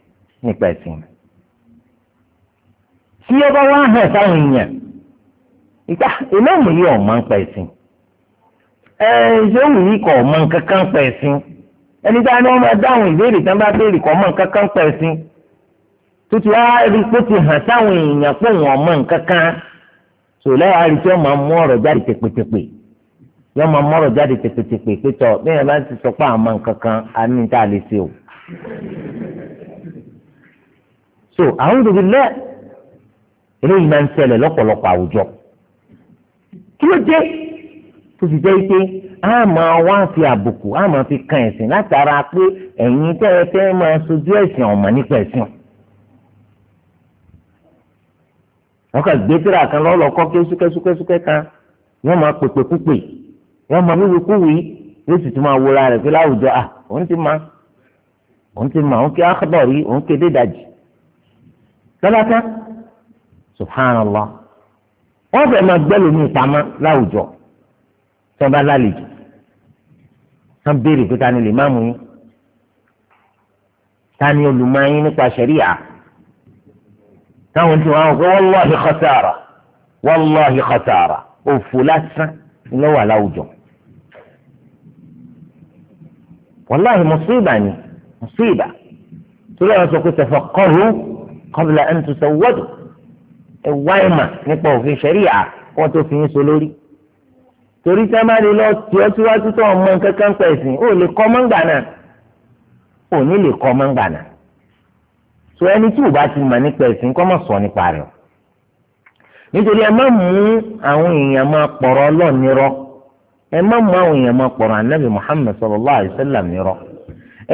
nípa ẹ̀sìn rẹ̀ tí ọba wa hàn sáwọn èèyàn ìgbà ìlẹ́mù yìí ọ̀ máa ń pa ẹ̀sìn ẹ̀ yìí kọ̀ ọ̀ máa ń kankan pa ẹ̀sìn ẹni a ní ìbéèrè tí ọ̀ sòlẹ́ àrí tí wọ́n máa mú ọ̀rọ̀ jáde tẹ̀pẹ̀tẹ̀pẹ̀ yọ́n máa mú ọ̀rọ̀ jáde tẹ̀pẹ̀tẹ̀pẹ̀ pétọ́ bẹ́ẹ̀ bá ti sọ pé àwọn máa ń kankan á ní tá a lè ṣe o. so àwọn òdòdó lẹ́ eléyìí máa ń ṣẹlẹ̀ lọ́pọ̀lọpọ̀ àwùjọ kí ló dé tó fi jẹ́ pé a máa wá fi àbùkù a máa fi kan ẹ̀sìn látara pé ẹ̀yin tẹ́ ẹ fẹ́ máa sojú ẹ̀sìn ọ̀mọ̀ nípa ẹ̀sìn ọ̀ wọn kà gbé tíra kan lọ́lọ́ kọ́ kí súkẹ́súkẹ́súkẹ́ kan wọ́n máa pèpè kúpè wọ́n máa wíwí kúwì yóò sì tún máa wọra rẹ̀ pé láwùjọ à òun ti máa òun ti máa òun kí akọ́dọ̀ rí òun kéde dàjì lọ́lọ́tà subhanallah wọ́n fẹ́ máa gbẹ́ lómi ìpamọ́ láwùjọ tó bá lálejò tó ń béèrè pé ta ni lè má mú yín ta ni olùmọ̀ yín nípa ṣẹ̀ríà táwọn tí wọn kọ wọláhi kọsára wọláhi kọsára òfò lásán lọ́wọ́ aláwùjọ wọláhi mùsùlùmá ni mùsùlùmá torí àwọn sọ pé tẹfọ kọrù kọbìlà ẹni tó sọ wọdù ẹ wáyé mà nípa òfin ṣẹríà wọn tó fi ń so lórí torí tí a máa lè lọ tì ọ́ ọmọ kankan pẹ̀ sí ò lè kọ́ mọ́ngbà náà ò ní lè kọ́ mọ́ngbà náà so ẹni tí ò bá ti mọ̀ nípa ẹ̀sìn kọ́ mọ̀ sọ nípa rẹ̀ nítorí ẹ má mú àwọn èèyàn máa pọ̀rọ̀ Ọlọ́run ẹ má mú àwọn èèyàn máa pọ̀rọ̀ Muhammad sallallahu alaihi nírọ́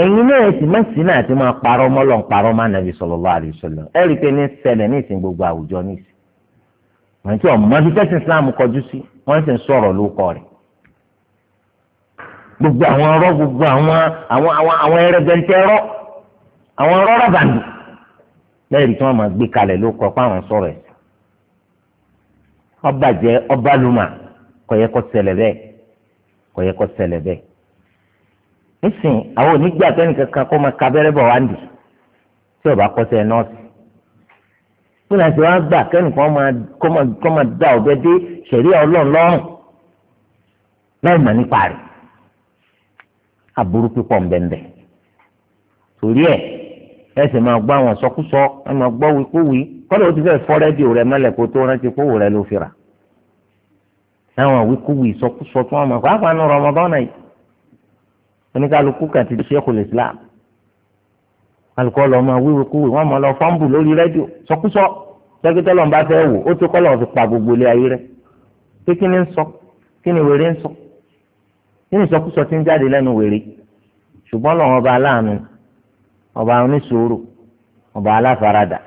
ẹ̀yin náà má sí náà ti máa parọ́ parọ́ má sallallahu alaihi ẹ rí i pé ní ṣẹlẹ̀ ní ìsìn gbogbo àwùjọ ní ìsìn wọn ti bí Islam kọjú sí wọn sì ń sọ̀rọ̀ rẹ̀ gbogbo àwọn gbogbo lẹ́yìn tí wọ́n máa gbé kalẹ̀ ló kọ́ pé àwọn sọ̀rọ̀ ẹ̀ ọba jẹ́ ọba luma kò yẹ kó ṣẹlẹ̀ bẹ́ẹ̀ kò yẹ kó ṣẹlẹ̀ bẹ́ẹ̀ nísìn àwọn onígbà tẹ́nì kankan kó máa kabẹ́rẹ́ bọ̀ wá ń dì tí ọba kọ́sẹ̀ nọ́ọ̀sì fúnà tí wọ́n gbà kẹ́nìkan kó máa dá ọ̀bẹ dé ṣẹ̀rí ọlọ́run lọ́rùn láì mọ̀ nípa rẹ̀ aburú pípọ̀ ń torí ẹ̀ ẹ sì máa gbọ́ àwọn sọkúsọ ẹ máa gbọ́ wíkúwí kọ́lẹ̀ ó ti fẹ́ fọ́ rẹ́díò rẹ mẹ́lẹ̀ kó tó rántí kówó rẹ ló fi rà àwọn wíkúwí sọkúsọ tí wọ́n máa kọ́ àfààní rọmọdọ́nà yìí oníkàlùkù kan ti di Sheikhul Islam alùkọ́ lọ́ọ́ máa wíwí kúwì wọ́n máa lọ fọ́ǹbù lórí rẹ́díò sọkúsọ sẹ́kítẹ́ lọ́n bá fẹ́ wò ó tó kọ́ lọ́ọ́ fi pa gbogbo ilé ayé rẹ pé kí ni ń sọ kí ni wèrè ń sọ kí ni sọkúsọ ti ń jáde lẹ́nu wèrè ṣùgbọ́n lọ́wọ́ bá aláàánú ọba oníṣòro ọba aláfaradà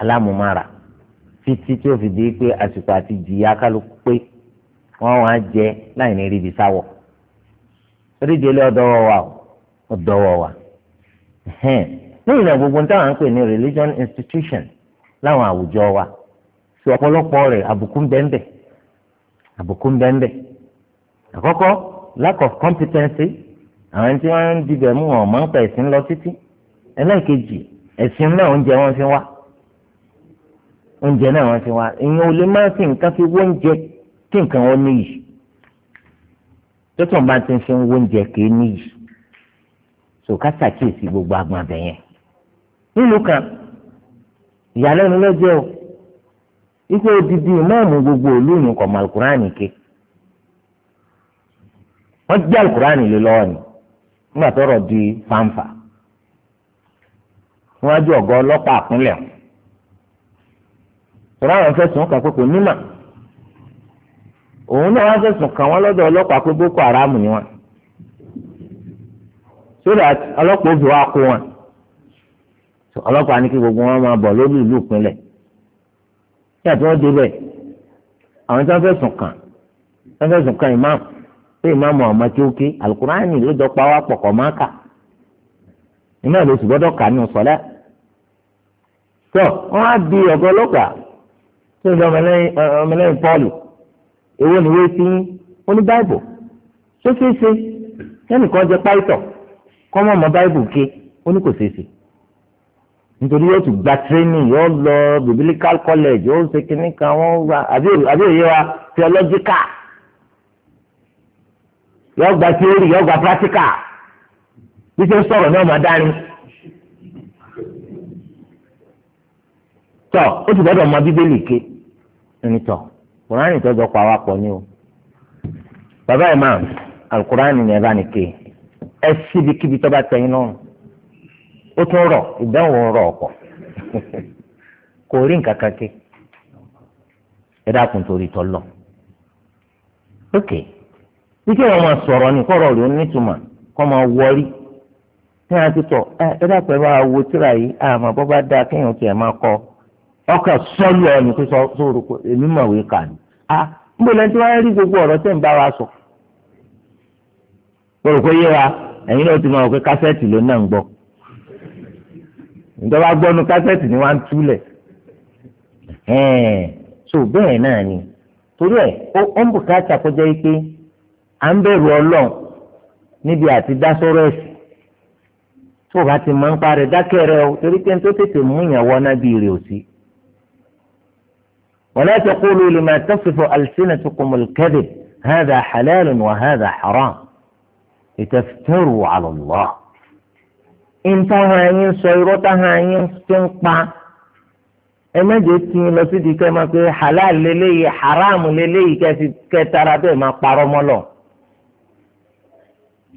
alámùmára títí tí ó fi di pé àsìkò àti jìyà kálukú pé wọn wàá jẹ láì ní ríbi sáwọ rídìí ilé ọdọwọ wa ọdọwọ wa lẹ́yìn náà gbogbo ní táwọn ń pè ní religion institution láwọn àwùjọ wa sí ọ̀pọ̀lọpọ̀ rẹ̀ àbùkù bẹ́ẹ̀nbẹ́ àbùkù bẹ́ẹ̀nbẹ́ àkọ́kọ́ lack of competency àwọn tí wọ́n ń dibẹ̀ mú wọn mọ́ ń pẹ̀ lọ títí ẹlẹ́ẹ̀kejì ẹ̀sìn náà oúnjẹ wọn fi wá oúnjẹ náà wọn fi wá ìyẹn ò lè má fi nǹkan fi wó oúnjẹ kí nǹkan wọn níyì tó tó bá ti fi wó oúnjẹ kì í níyì so ká ṣàkíyèsí gbogbo agbọn abẹ yẹn nílùú kan ìyàlẹ́nu lọ́jọ́ o ikú odidi ìmáàmù gbogbo òlú ni kò mọ alukurani ké wọ́n jẹ́ alukurani lé lọ́wọ́ ni nígbà tó rọ̀ di fanfa níwájú ọ̀gá ọlọ́pàá ọlọpàá tọ́lá àwọn fẹ̀sùn kàn pé kò nímọ̀ òun náà wọ́n fẹ̀sùn kàn wọ́n lọ́dọ̀ ọlọ́pàá pé boko haram ni wọ́n so that ọlọ́pàá òbí wa kó wọn ọlọ́pàá ní gbogbo wọn máa bọ̀ lórí ìlú ìpínlẹ̀ àti wọ́n débẹ̀ àwọn tí wọ́n wọ́n pé ọmọ tí ó tọ wọn á di ọgọ ọlọ́pàá tó ń lọ ọmọlẹ́yìn pọ́ọ̀lù èwo ni wọ́n ti ń oní báìbù tó ṣeé ṣe kẹ́nìkan jẹ páìtọ̀ kọ́mọ ọmọ báìbù ké ó ní kò ṣeé ṣe nítorí yóò tún gba training yóò lọ biblical college yóò ṣe kínní kan wọn gba àbí òye wa theological yóò gba theory yóò gba practical bí ṣe ń sọ̀rọ̀ náà máa dárin. tọ ó ti gbọ́dọ̀ mọ bíbélì ké ẹni tọ kùránì tó pa wá o bàbá ẹ̀ máa alukùránì yẹn bá ní ké ẹ síbikíbi tó bá tẹ̀yìn náà ó tún rọ̀ ìdánwò kò rí nǹkan kan ké ẹ dákun ọkọ̀ sọ́lù ẹnu pé sóòrò pé èmi mọ̀ wí kà ní. a ah, ń bọ̀ lẹ́ni tí wọ́n rí gbogbo ọ̀rọ̀ tẹ̀ ń bá wa sọ. sọ̀rọ̀ yé wa ẹ̀yin náà ti mọ̀ pé kásẹ̀tì ló náà ń gbọ́. ìjọba gbọ́nu kásẹ̀tì ni wọ́n á so bẹ́ẹ̀ náà ni torí ẹ̀ ó ń yìí pé à ń bẹ̀rù ọlọ́run níbi àti ẹ̀sìn tó bá ti mọ̀ ń parẹ́ o torí pé n tó tètè mú ìyàwó náà ولا تقولوا لما تصف ألسنتكم الكذب هذا حلال وهذا حرام لتفتروا على الله إن تهانين سيرتهانين تنقع ẹmẹ jẹ tí ń lọ síbi kẹ máa pe halal lélẹyìí haram lélẹyìí kẹsì kẹtara bẹ́ẹ̀ máa parọ́ mọ́ lọ.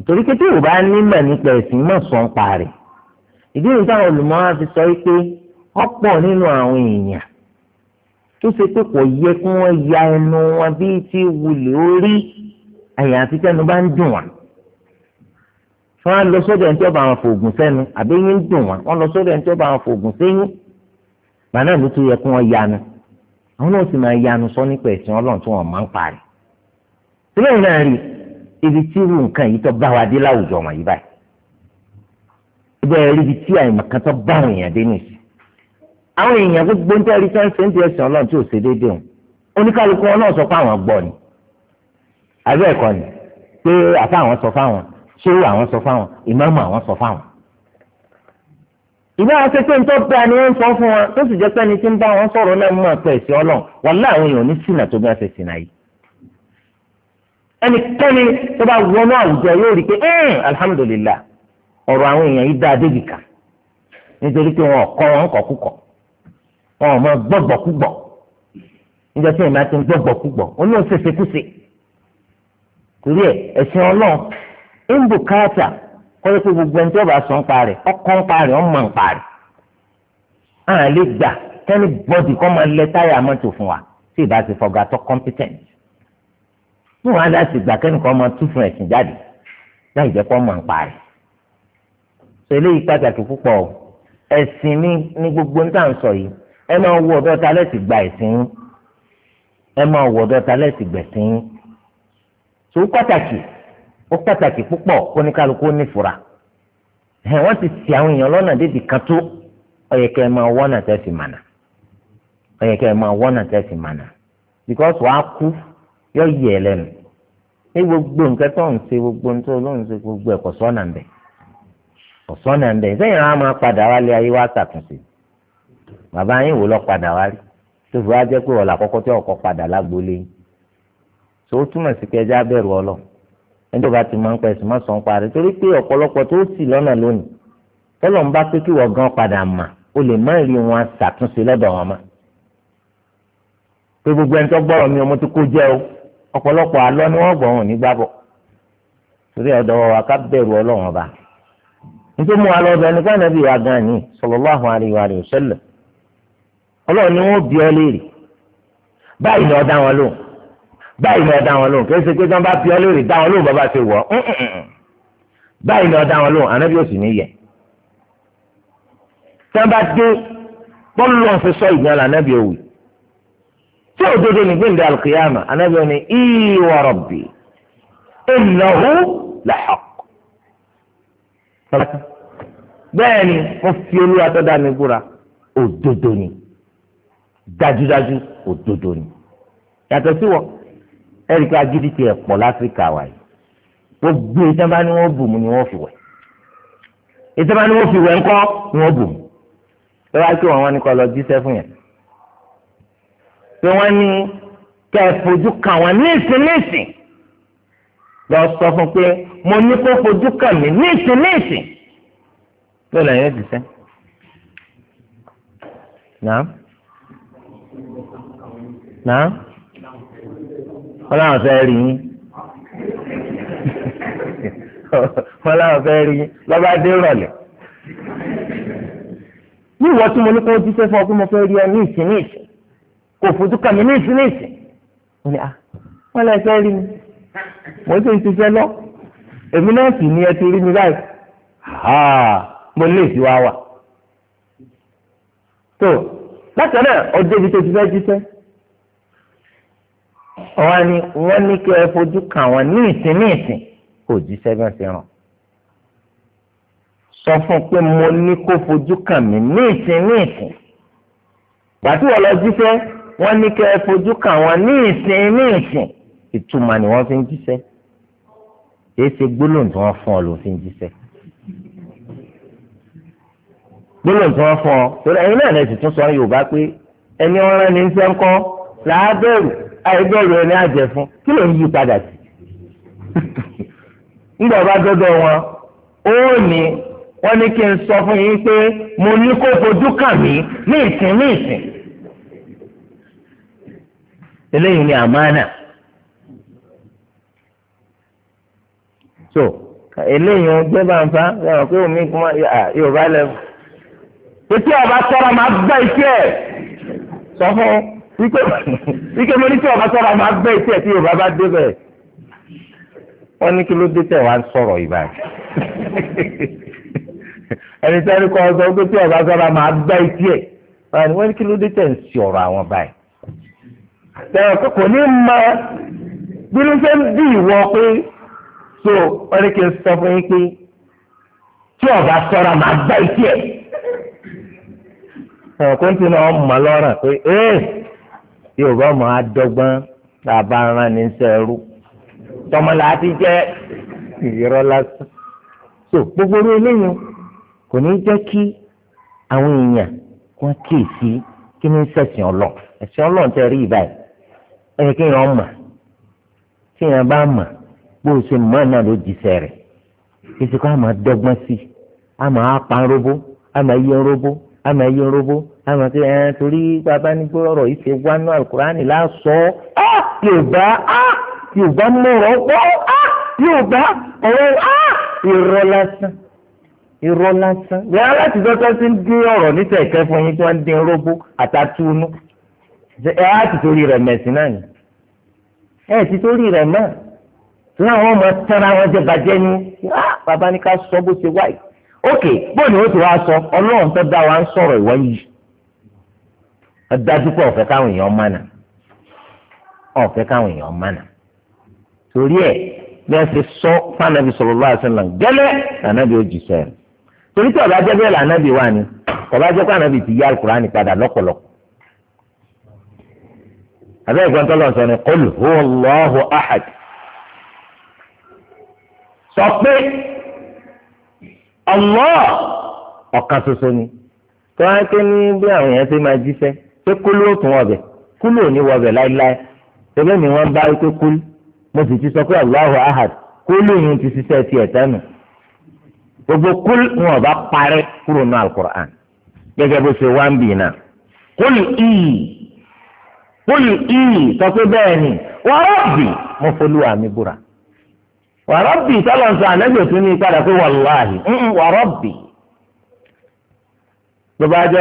torí kété ò bá nímọ̀ nípa ẹ̀sìn mọ̀ sọ̀ ń parẹ́ ìdí ìta olùmọ̀ á fi sọ pé ọ̀pọ̀ nínú àwọn èèyàn tó ṣe pé kò yẹ kí wọ́n ya ẹnu wọn bí ti wulẹ̀ orí àyàfi tẹnu bá ń dùn wọn wọn á lọ sọ́dọ̀ ẹni tí wọ́n bá wọn fòògùn sẹ́nu àbí yín ń dùn wọn wọ́n lọ sọ́dọ̀ ẹni tí wọ́n bá wọn fòògùn sẹ́yìn gbaná ló tún yẹ kí wọ́n yanu àwọn náà sì máa yanu sọ nípa ẹ̀sìn Ọlọ́run tí wọ́n máa ń parí sílẹ̀ náà rí ibi tí irú nǹkan yìí tó bá wa dé láwùjọ wọn yìí báyìí àwọn èèyàn gbogbo ń tẹ́rí sẹ́ńsì ń di ẹ̀sìn ọlọ́run tí ò ṣe déédéé òun oníkálukú wọn náà sọ pé àwọn gbọ́ ni àbí ẹ̀kọ́ ni pé àfa àwọn sọ fáwọn ṣéwù àwọn sọ fáwọn ìmáàmù àwọn sọ fáwọn. ìbá wọn ṣe pé ń tó bá ni wọ́n sọ fún wọn tó sì jẹ́ pé ẹni tí ń bá wọn sọ̀rọ̀ náà mọ̀ pé ẹ̀sìn ọlọ́run wọn láwọn èèyàn ní sínà tó bá ṣe ẹnikẹ́ni tó bá wọnú àwùjọ yóò rí i pé alhamdulillah ọ̀rọ̀ àwọn èèyàn yìí dáa débìkà nítorí pé wọn kọ́ wọn kọ̀kúkọ̀ wọn ò mọ gbọ́gbọ́kúgbọ̀ níjọ tí èèyàn ti ń gbọ́gbọ́kúgbọ̀ olóò ṣèṣekúṣe torí ẹ ẹ̀sìn ọlọ́run ń bùkátà kọ́ ẹ pé gbogbo ẹni tí ọba sọ ń parẹ́ ọkọ ń parẹ́ ọmọ ń parẹ́ àwọn àlè gbà kẹ́ni bọ́dì kọ́ máa lẹ táyà mọ́tò fún wa tí ìbá ti fọgá tó competent ní wọn adá ti gbà kẹ́nìkan máa tú fún ẹ̀sìn jáde láì jẹ́ kó máa ń parí. sọ eléyìí pàtàkì púpọ̀ ẹ̀sìn ní ní gbogbo ní tà ń sọ yìí ẹ máa wọ ọdọ ta lẹ́sì gba ẹ̀sìn ẹ máa wọ ọ̀dọ̀ ta lẹ́sì gbẹ̀sìn yín pàtàkì ó pàtàkì ti ti àwọn èèyàn lọ́nà débi kan tó ó yẹ ma ẹ máa wọ́nà tẹ́sí mànà ẹ máa mànà because wàá kú yọ yẹ ẹ ní gbogbo nǹkan tó ń gbogbo tó ń ṣe gbogbo kò ń bàbá yín wò lọ padà wá rí tó fi wá jẹ́ pé ọ̀là àkọ́kọ́ tí ọ̀kọ́ padà lágboolé yín tó o túmọ̀ sí pé ẹjẹ́ abẹ́rù ọlọ ẹni tó bá ti máa ń pẹ̀sì má sọ̀ ń parí torí pé ọ̀pọ̀lọpọ̀ tó sì lọ́nà lónìí tọ́lọ̀ ń bá pé kí wọ́n gan padà mà o lè má rí wọn ṣàtúnṣe lọ́dọ̀ wọn mọ́ pé gbogbo ẹni tó gbọ́rọ̀ mi ọmọ tó kó jẹ́ o ọ̀pọ̀lọpọ̀ àlọ́ ni wọ́n gbọ́ ní gbábọ̀ torí ọ̀dọ̀ wa ká bẹ̀rù ọlọ́run ọba nítorí mo wà lọ́dọ̀ ẹni ká nàbí wa gan ni sallallahu alaihi wa sallam ọlọ́run ni wọ́n bí ọ léèrè báyìí ni ọ̀dá wọn lóhùn báyìí ni ọ̀dá wọn lóhùn kí ẹ ṣe pé tí wọ́n bá bí ọ léèrè dá wọn lóhùn bàbá ṣe wọ̀ ọ́ báyìí ni ọ̀dá wọn lóhùn ànábì òsì ní yẹ tí wọ́n bá dé bọ́ọ̀lù fi sọ ìgbà là ànábì òwì tí òdodo ní gbẹ̀ndẹ̀ alùkìyàmà ànábì òní ìwà rọ̀bì ìnáwó làḥọ̀k bẹ́ẹ̀ ni wọ́n fi olúwa dájúdájú òdodo ni yàtọ̀ sí wọ ẹ̀ríkà agídí tiẹ̀ pọ̀ láfíríkà wa yìí gbogbo ìjọba ni wọ́n bù mí ni wọ́n fi wẹ̀ ìjọba ni wọ́n fi wẹ̀ ńkọ́ ni wọ́n bù mí ẹ wá kí wọn wọn ní kọ́ lọ jíṣẹ́ fún yẹn pé wọ́n ní kẹ́ ẹ fojú kàn wọ́n nísìnyìísìn lọ sọ fún pé mo ní kó fojú kàn mí nísìnyìísìn lọ́la yẹn ti sẹ́ náà wọn làwọn fẹ́ rí yín wọn làwọn fẹ́ rí yín lọ́ba dé rọ̀lẹ́ ní ìwọ tí mo ní kó jíṣẹ́ fún ọ pé mo fẹ́ rí ẹ ní ìsìn ní ìsìn kò fojú kàn mí ní ìsìn ní ìsìn wọn ni à wọn lè fẹ́ rí mi mo sì ń ṣiṣẹ́ lọ èmi náà sì ní ẹ ti rí mi báyìí mo lè fi wá wà. tó látọ̀ náà ibi tó ti fẹ́ jíṣẹ́ ọ̀wá ni wọ́n ní kí ẹ fojú kàn wọ́n ní ìsìn ní ìsìn kò jí sẹ́gbọ̀n sí ràn. sọ fún pé mo ní kó fojú kàn mí ní ìsìn ní ìsìn. pàtó wọ́n lọ jíṣẹ́ wọ́n ní kí ẹ fojú kàn wọ́n ní ìsìn ní ìsìn. ìtumọ̀ ni wọ́n fi ń jíṣẹ́ èyí ṣe gbólóhùn tí wọ́n fún ọ ló fi ń jíṣẹ́. gbólóhùn tí wọ́n fún ọ torí ẹ̀yin náà lè tún sọ Yorùbá pé ẹni ọ̀rẹ́ ni ń fẹ́ ń làá bẹ̀rù àìbẹ̀rù ẹni àjẹ fún kí ló ń yí padà sí. ńgbà bá dọ́dọ̀ wọn ó ní wọ́n ní kí n sọ fún yín pé mo ní kó fojú kàn mí ní ìsìn ní ìsìn. eléyìí ni àmánà. so eléyìí ó gbé bàǹfà lọ́wọ́ pé omi kún yorùbá lẹ́wọ̀. pété ọba tọrọ máa gbá iṣẹ́ ẹ̀ sọ fún wípé wípé mo ní tí ọba sọ̀rọ̀ máa gbé etí ẹ̀ tí yorùbá bá dé bẹ̀. wọ́n ní kí ló dé tẹ̀ wá sọ̀rọ̀ ìbá ẹni sẹ́ni kọ́ sọ pé tí ọba sọ̀rọ̀ máa gbé etí ẹ̀ wọ́n ní kí ló dé tẹ̀ ń sí ọ̀rọ̀ àwọn báyìí. tẹ̀wọ̀n pé kò ní mọ bí ló ṣe ń bí ìwọ pé so wọ́n ní kí n sọ fún yín pé tí ọba sọ̀rọ̀ máa gbé etí ẹ̀. ẹ̀kọ́ ń tinú ọmọ lọ́rùn pé ee yorùbá ọmọ adọ́gbọ́n tá a bá rán ní sẹ́rú tọmọ là á ti jẹ́ ìrọ́ lásán so gbogbo orí eléyìí kò ní jẹ́ kí àwọn èèyàn wọn kíyèsí kí ní ṣẹ̀sìn ọlọ́ ẹ̀sìn ọlọ́ tẹ rí ìbáyìí ẹ̀yẹ kí èèyàn mọ̀ tí èèyàn bá mọ̀ bó o ṣe mọ̀ náà ló jíṣẹ́ rẹ̀ kí ti àmọ́ dọ́gbọ́n sí àmọ́ apá ń robó àmọ́ yí ń robó àmọ́ yí ń robó àmọ́ pé ẹ torí bàbá ní pé ọ̀rọ̀ yìí ṣe wá ní alukurani lásọ á yorùbá á yorùbá mọ̀rọ̀ pọ̀ á yorùbá ọ̀rọ̀ á irọ́ lásán irọ́ lásán bí aláti dọ́tọ́ ti ń dín ọ̀rọ̀ ní tẹ̀kẹ́ fún yín tí wọ́n ń dín rógbó àtàtúnú ẹ á ti torí rẹ̀ mẹ̀sìn náà ni ẹ ti torí rẹ̀ náà tí wọ́n àwọn ọmọ tẹ́ra wọn jẹ bàjẹ́ ni bàbá ní ká sọ bó ṣe wáyé ok bóyá ni ó ti wá sọ ọlọ́run tó dá wa ń sọ̀rọ̀ ìwọ́n yìí. adájú pé ọ̀fẹ́ káwọn èèyàn mánà ọ̀fẹ́ káwọn èèyàn mánà torí bí ṣe sọ fáànàbí sallallahu alaihi wasallam gẹ́lẹ́ lànàbí ó jìṣẹ́ rẹ̀ torí tí ọ̀bá jẹ́ bẹ́ẹ̀ lànàbí wà ní ọ̀bá jẹ́ pé ànàbí ti yá alukurani padà abẹ́ ìgbọ́n tó sọ ni ahad sọ pé ni tó wá ké ní bí àwọn èèyàn ṣe máa pé kúlú ó tún wọbẹ̀ kúlú ò ní wọbẹ̀ láéláé tẹ́lẹ̀ mi wọn bá pé kúlú mo sì ti sọ pé Allahu ahad kúlú yìí ti ṣiṣẹ́ ti ẹ̀tẹ́ nù gbogbo kúlú wọn ò bá parẹ́ kúrò ní alukur'an gẹ́gẹ́ bó ṣe wá ń bì náà kúlù ìyì kúlù ìyì sọ pé bẹ́ẹ̀ ni wa rabbi mo folúwa mi búra wa rabbi tọ́lọ̀ ń sọ ànágbè tún ní padà pé wàláhì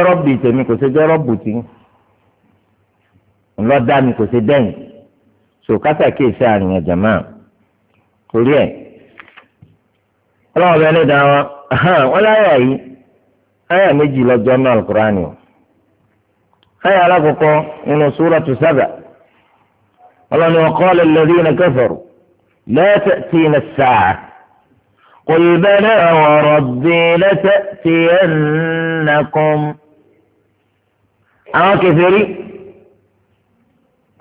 rọ́bì tèmi kò ṣe jẹ́ rọ́bù ńlọ́dá mi kò ṣe dẹ́yìn so kásàkì ìṣe àrùn jàmá torí ẹ̀ ọlọ́wọ́ bẹ́ẹ̀ lè dá wọn wọ́n láyà yìí láyà méjì lọ́jọ́ náà alukurani o láyà alákọ̀ọ́kọ́ nínú súrọ̀tù sábà ọlọ́ni wọn kọ́ lẹ́lẹ́dínà kẹfọ̀rọ̀ لتأتين الساعة قل بلى وربي لتأتينكم أو كفري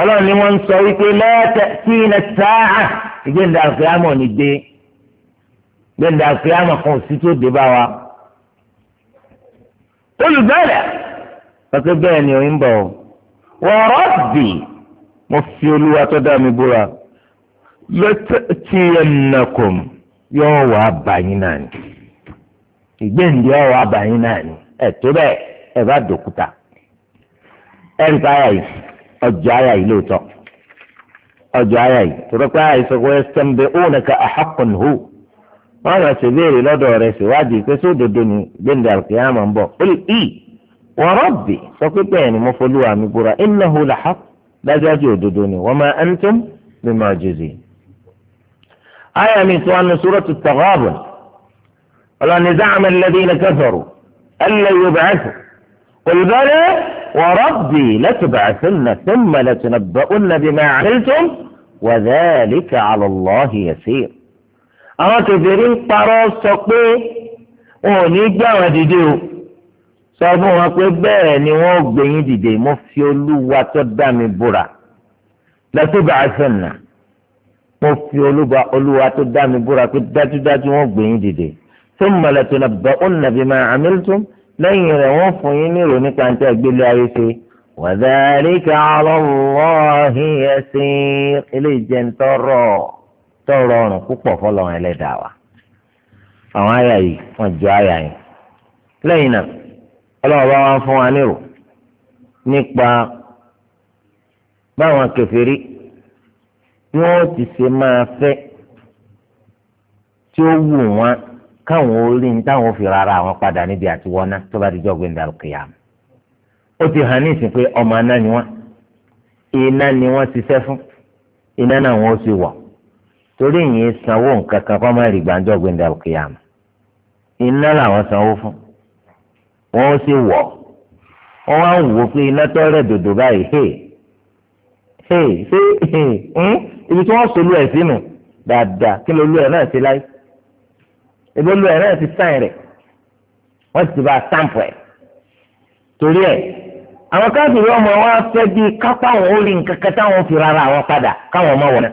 ọlọ́run ni wọ́n ń sọ wípé lẹ́ẹ̀tẹ̀ sí ilẹ̀ sáà ìgbéǹda àfẹ́hámọ̀ ni dé gbéǹda àfẹ́hámọ̀ kan ò sí tó dé bá wa. olùbẹ̀rẹ̀ pàṣẹ bẹ́ẹ̀ ni òun ń bọ̀ wọ̀rọ̀ bì mo fi olúwa tó dá mi búra lẹ́tẹ̀ tí ẹ̀ nàkùn yóò wà bàyín náà ni ìgbéǹde ọ̀ wà bàyín náà ni ẹ̀ tó bẹ́ẹ̀ ẹ̀ bá dòkúta ẹ̀ ń báyà yìí. ọjọ́ àyà yìí lóòótọ́ ọjọ́ àyà yìí tó rọ́pẹ́ àyà sọ pé bẹ òun nìkan àhàkùn hù wọ́n lọ sí béèrè lọ́dọ̀ rẹ̀ síwádìí pé sódodo ni gbẹ̀ndẹ̀ àlùkìyàmọ̀ ń bọ̀ ó lè í wọ́n rọ́bì sọ pé bẹ́ẹ̀ ni mo folúwa mi búra innahu làhàk dájọ́jú òdodo ni wọn máa ń tún wa ma antum bimu'jizin. آية من سؤال سورة التغابن قال نزعم الذين كفروا ألا يبعثوا قل بلى وربي لتبعثن ثم لتنبؤن بما عملتم وذلك على الله يسير àwọn kèfèrí ń parọ́ sọ pé wọn ò ní gbé àwọn dìde o sọ fún wọn pé bẹ́ẹ̀ ni wọ́n gbé yín dìde mo fi olúwa tó dá mi búra لتبعثن mo fi olúwa tó dá mi búra pé dájúdájú wọ́n gbé yín dìde ثم لتنبؤن بما عملتم lẹ́yìn rẹ̀ wọ́n fún yín ní ìròyìn nípa níta ìgbélé ayé ṣe wàdàríkà ọlọ́run ẹ̀sìn eléyìí jẹ́ ń tọrọ tọrọ ọrùn púpọ̀ fọlọ́run ẹlẹ́dàá wa àwọn àyà yìí wọ́n jọ àyà yìí lẹ́yìn náà ọlọ́run bá wá fún wa nírò nípa báwọn kèfèrí ni ti ṣe máa fẹ́ tí ó wù wọ́n. káwọn orí ní táwọn fi rárá àwọn padà níbi àti tó bá di jọ́gbìn dàlùkìyà ó ti hàn ní ìsìn pé ọmọ aná ni wọ́n iná ni wọ́n ṣiṣẹ́ fún iná náà wọ́n sì wọ̀ torí ìyẹn sanwó nǹkan kan kọ́ máa rí gbàǹjọ́ gbẹ̀ndà òkèèyà mọ́ iná làwọn sanwó fún wọ́n sì wọ̀ wọ́n wá wò pé iná tó rẹ̀ dòdò báyìí ṣé ibi tí wọ́n ẹ̀ sínú dáadáa kí ẹ̀ èbó lu ẹ̀rọ ti sáìn rẹ̀ wọ́n ti bá sáǹpù ẹ̀ torí ẹ̀ àwọn káàkiri ọmọ wa fẹ́ bí kápá àwọn orí nǹkan kan táwọn fi rárá àwọn padà káwọn ọmọ wọn.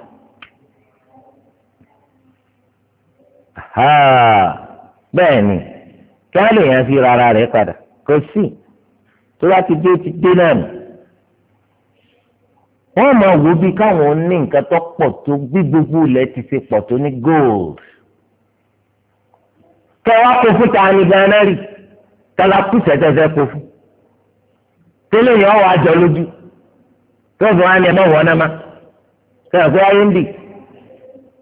bẹ́ẹ̀ ni kí á lè yàn fi rárá rẹ̀ padà kò sí tó bá ti dé ti dé náà nù wọ́n máa wo bí káwọn ní nǹkan tó pọ̀ tó bí gbogbo ti ṣe pọ̀ tó ní gold kẹwàá kó fún ta ni gánà rì tala kú sẹsẹsẹ kó fún tẹ́lẹ̀ yẹn wà á lójú tó fún wa ni ẹ má wọ náà má sọ̀rọ̀ pé ayé ń bì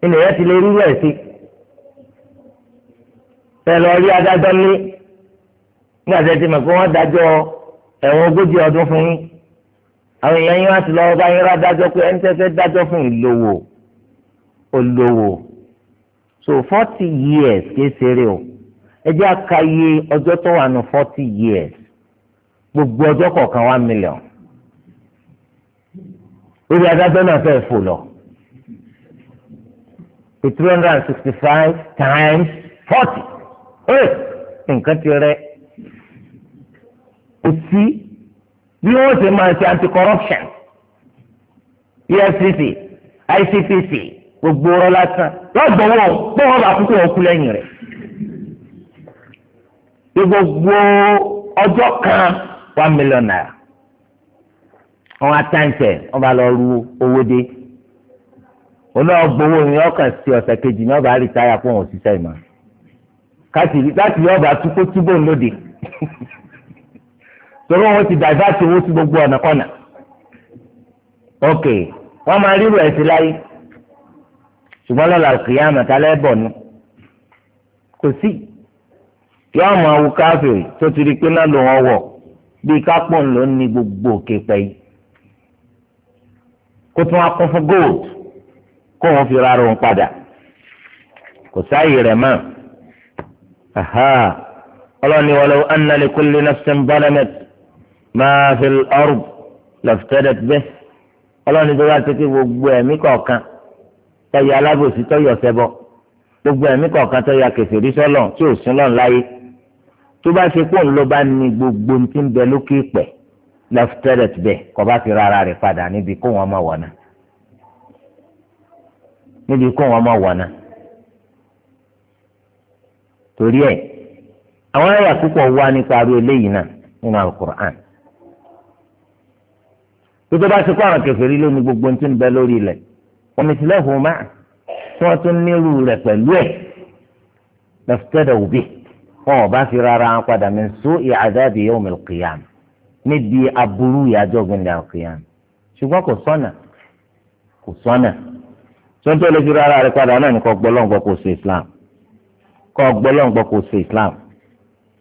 ilẹ̀ yẹn ti lè rú rẹ̀ sí pẹ̀lú ọrí adájọ́ ní nígbà tí ẹ ti mọ̀ pé wọ́n dájọ́ ogójì ọdún fún yín àwọn èèyàn yín wá sí lọ́wọ́ bá yín rá dájọ́ pé ẹni tẹ́tẹ́ dájọ́ fún ìlówó olówó so forty years kéṣeré o ẹ jẹ́ àkàyè ọjọ́ tó wà ní forty years gbogbo ọjọ́ kọ̀ọ̀kan one million orí adájọ́ náà fẹ́ fò lọ the three hundred and sixty five times forty nǹkan ti rẹ kò sí bí wọ́n ṣe máa ṣe anti-corruption EFCC ICPC gbogbo ọ̀rọ̀ lásán lọ́gbọ̀wọ́ gbọ́wọ́ bá kúkú ọkú lẹ́yìn rẹ̀ ní gbogbo ọjọ́ kan one million naira wọn atáǹtẹ̀ wọn bá lọ ru owó dé oná gbowó ni ọkàn sí ọ̀sẹ̀ kejì ní ọba rìtáyà fún òun òṣìṣẹ́ ìmọ̀ láti ọba túkó túbọ̀ lóde torí wọn ti divert owó sí gbogbo ọ̀nà kọ́nà ok wọn máa rírò ẹ̀sìn láyé ṣùgbọ́n lọ́la kìí àmọ̀tálẹ́ bọ̀ ni kò sí yọ ọmọ awu káfíìn tó ti di pé náà ló wọn wọ bíi kápọ̀ ló ń ní gbogbo òkè pẹ́ yìí kó tún wá kún fún gold kó wọn fi rárá òun padà kò sáàyè rẹ̀ mọ́ ọlọ́ni wọlé anna li kulli nafsin balamet máa fi ọrùb lọ́fítẹ́dẹ̀t bẹ́ẹ̀ ọlọ́ni tó bá ti gbogbo ẹ̀mí kọ̀ọ̀kan tọ́yọ alábòsí tọ́yọ sẹ́bọ̀ gbogbo ẹ̀mí kọ̀ọ̀kan tọ́yọ kẹfẹ́ rí tí ò sún lọ́n láyé tó bá ṣe pọ̀ ńlọ bá ní gbogbo tí ń bẹ lókè pẹ̀ lẹ́fítẹ́rẹ̀tì bẹ́ẹ̀ kọ́ bá fi rárá rẹ̀ padà níbi kó wọn máa wọ̀nà níbi kó wọn máa wọ̀nà torí ẹ̀ àwọn ẹ̀yà púpọ̀ wá nípa aró eléyìí náà nínú alukur'an tó tó bá ṣe pọ̀ àwọn kèfèrí ló gbogbo tí ń bẹ lórí ilẹ̀ wọ́n ti lẹ́hùn máa tí wọ́n tún nírú rẹ̀ pẹ̀lú ẹ̀ lẹ́fítẹ́rẹ̀ òbí wọn ò bá fi rárá wọn padà min su'i adhabi yawm al-qiyam níbi aburú ìyájọ́ gbẹ̀ndẹ̀ al-qiyam ṣùgbọ́n kò sọ́nà kò sọ́nà sọ́ńtò lè fi rárá rẹ padà náà ní kò gbọ́ kò ṣe islam kò gbọ́ kò ṣe islam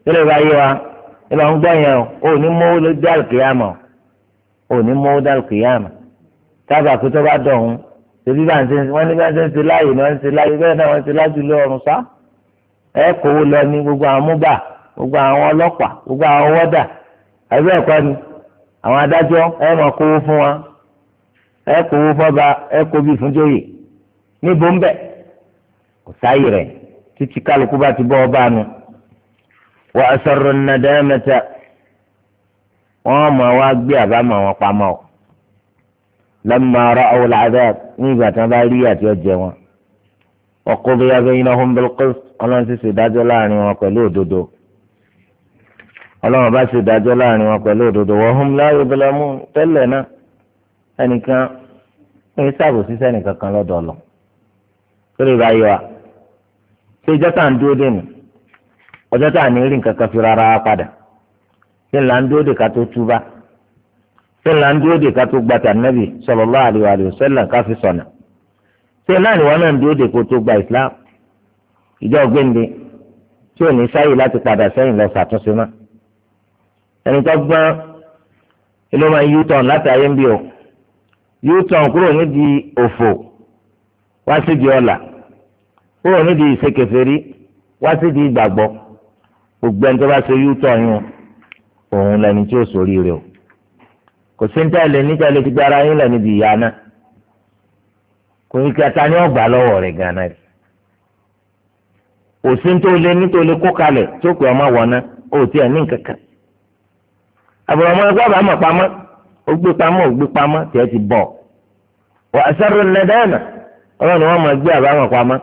tẹ́lẹ̀ bá yé wa ìlọ ń gbọ́ yẹn o ò ní mú dé al o ò ní mú dé al tábà kó bá dọ̀ ṣe bí wọ́n ṣe ń ṣe láàyè ni wọ́n ń ṣe láàyè bẹ́ẹ̀ náà wọ́n ń ṣe láàjù ẹ kó lọ ní gbogbo àwọn gbogbo àwọn ọlọ́pàá gbogbo àwọn wọ́dà àbí ni àwọn adájọ́ ẹ máa kówó fún wa ẹ kówó fọba ẹ kó bí fúnjòyè níbo ń kò títí kálukú bá ti wọ́n wá gbé wọn pamọ́ o lẹ́mọ̀ ọ̀rọ̀ ọ̀wọ̀lá ní ìgbà tí wọ́n bá rí àti ọ̀jẹ̀ wọn. ọkọ̀ bí wọ́n bẹ yín ọlọ́run sì ṣèdájọ́ láàrin wọn pẹ̀lú òdodo ọlọ́run bá ṣèdájọ́ láàrin wọn pẹ̀lú òdodo wọ́n hum la yuzlamu tẹ́lẹ̀ náà ẹnìkan ń ṣàbò síṣẹ́ nìkan kan lọ́dọ̀ ọ̀lọ́ torí bá yọ wa ṣé ìjọ tá à ń dúró dènù ọjọ́ tá à ní rí nǹkan kan fi rárá wa padà ṣé ńlá ń dúró dè ká tó túbá ṣé ńlá ń dúró dè ká tó gbàtà nẹ́bì sallallahu alaihi wa sallam ká fi sọ̀nà ṣé náà wọn náà ń dúró dè kó tó gba ìsìláàmù ìjọ gbẹ̀ǹde tí ò ní sáyè láti padà sẹ́yìn lọ ṣàtúnṣe mọ́ ẹni tó gbọ́n ló máa yú tán láti ayé ń bí o yú tán kúrò nídìí òfò wá sídìí ọ̀la kúrò nídìí ìṣekèfèrí wá sídìí ìgbàgbọ́ gbogbo ẹni tó bá ṣe yú tán yún òun lẹni tí ó sórí rẹ o kò sí ní tẹ́lẹ̀ níta lè fi gbára yín lẹ́ni bí ìyá náà kò ní kí ata ní ọgbà lọ́wọ́ rẹ̀ gan rẹ̀ òsín tó lé nítorí kó kalẹ̀ tí ó pè ọmọ wọ̀nà ó ti ẹ̀ ní nkankan. àbùrọ̀mọ ẹgbẹ́ àbá pamọ́ ó gbé pamọ́ ó gbé pamọ́ tí ẹ ti bọ̀. wà á sẹ́rù ọlọ́run wọn máa gbé àbá pamọ́.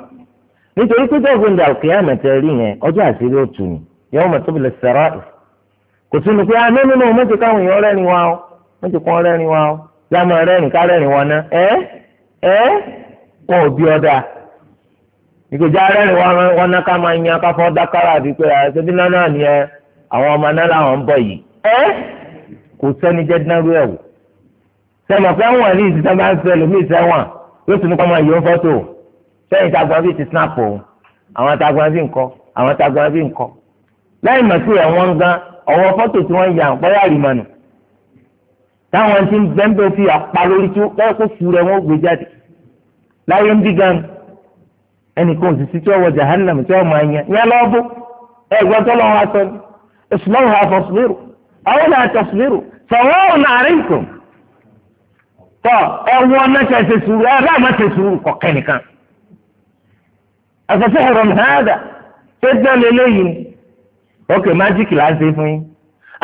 nítorí pé tó gbìndà òkè àmì rí yẹn ọjọ́ àṣírí ó tù mọ̀ tó bilẹ̀ sẹ̀rọ̀ kò ah, nínú ìgbèjà rẹ́rìn wọn ná ká máa yan ká fọ́ dákàrà àfi pé ah, àṣẹbí náà ni ẹ àwọn ọmọ náà làwọn ń bọ̀ yìí. ẹ kò sẹ́ni jẹ́ dínáró ẹ̀ wò sẹ́mọ̀ pé wọ́n ní ìsìn sábà ń sọ ẹlòmíì sẹ́wọ̀n yóò tún ní kọ́ máa yọ ọ́ fọ́tò sẹ́yìn tagbọn bíi ti snap o àwọn tagbọn bíi nǹkan àwọn tagbọn bíi nǹkan lẹ́yìn mọ̀tò ẹ̀ wọ́n ń gan ọ̀wọ́ fọ́tò tí wọ́n yà ń pọ́yà rìmọ̀nù táwọn ti ń bẹ́ńbẹ́ fi àpá lórí tí wọ́n kó ẹnì kan òsì sí tí wọ́n wọ jahannam tí wọ́n máa yan yẹn lọ́ọ́ bó ẹ̀gbọ́n tó lọ́wọ́ aṣọ ni ìsúlọ́wọ́ àfọ̀sùlérò àwọn náà tọ̀sùlérò sọ̀wọ́n àríkùn tọ́ ẹ̀wọ́ náà tẹ̀sẹ̀ sùúrù ẹ̀ bá má tẹ̀sẹ̀ sùúrù kọ̀kẹ́ nìkan. àfẹ́sẹ̀ ọ̀rọ̀ nàádà tó dán lélẹ́yìn ni ókè májíkì là ń ṣe fún yín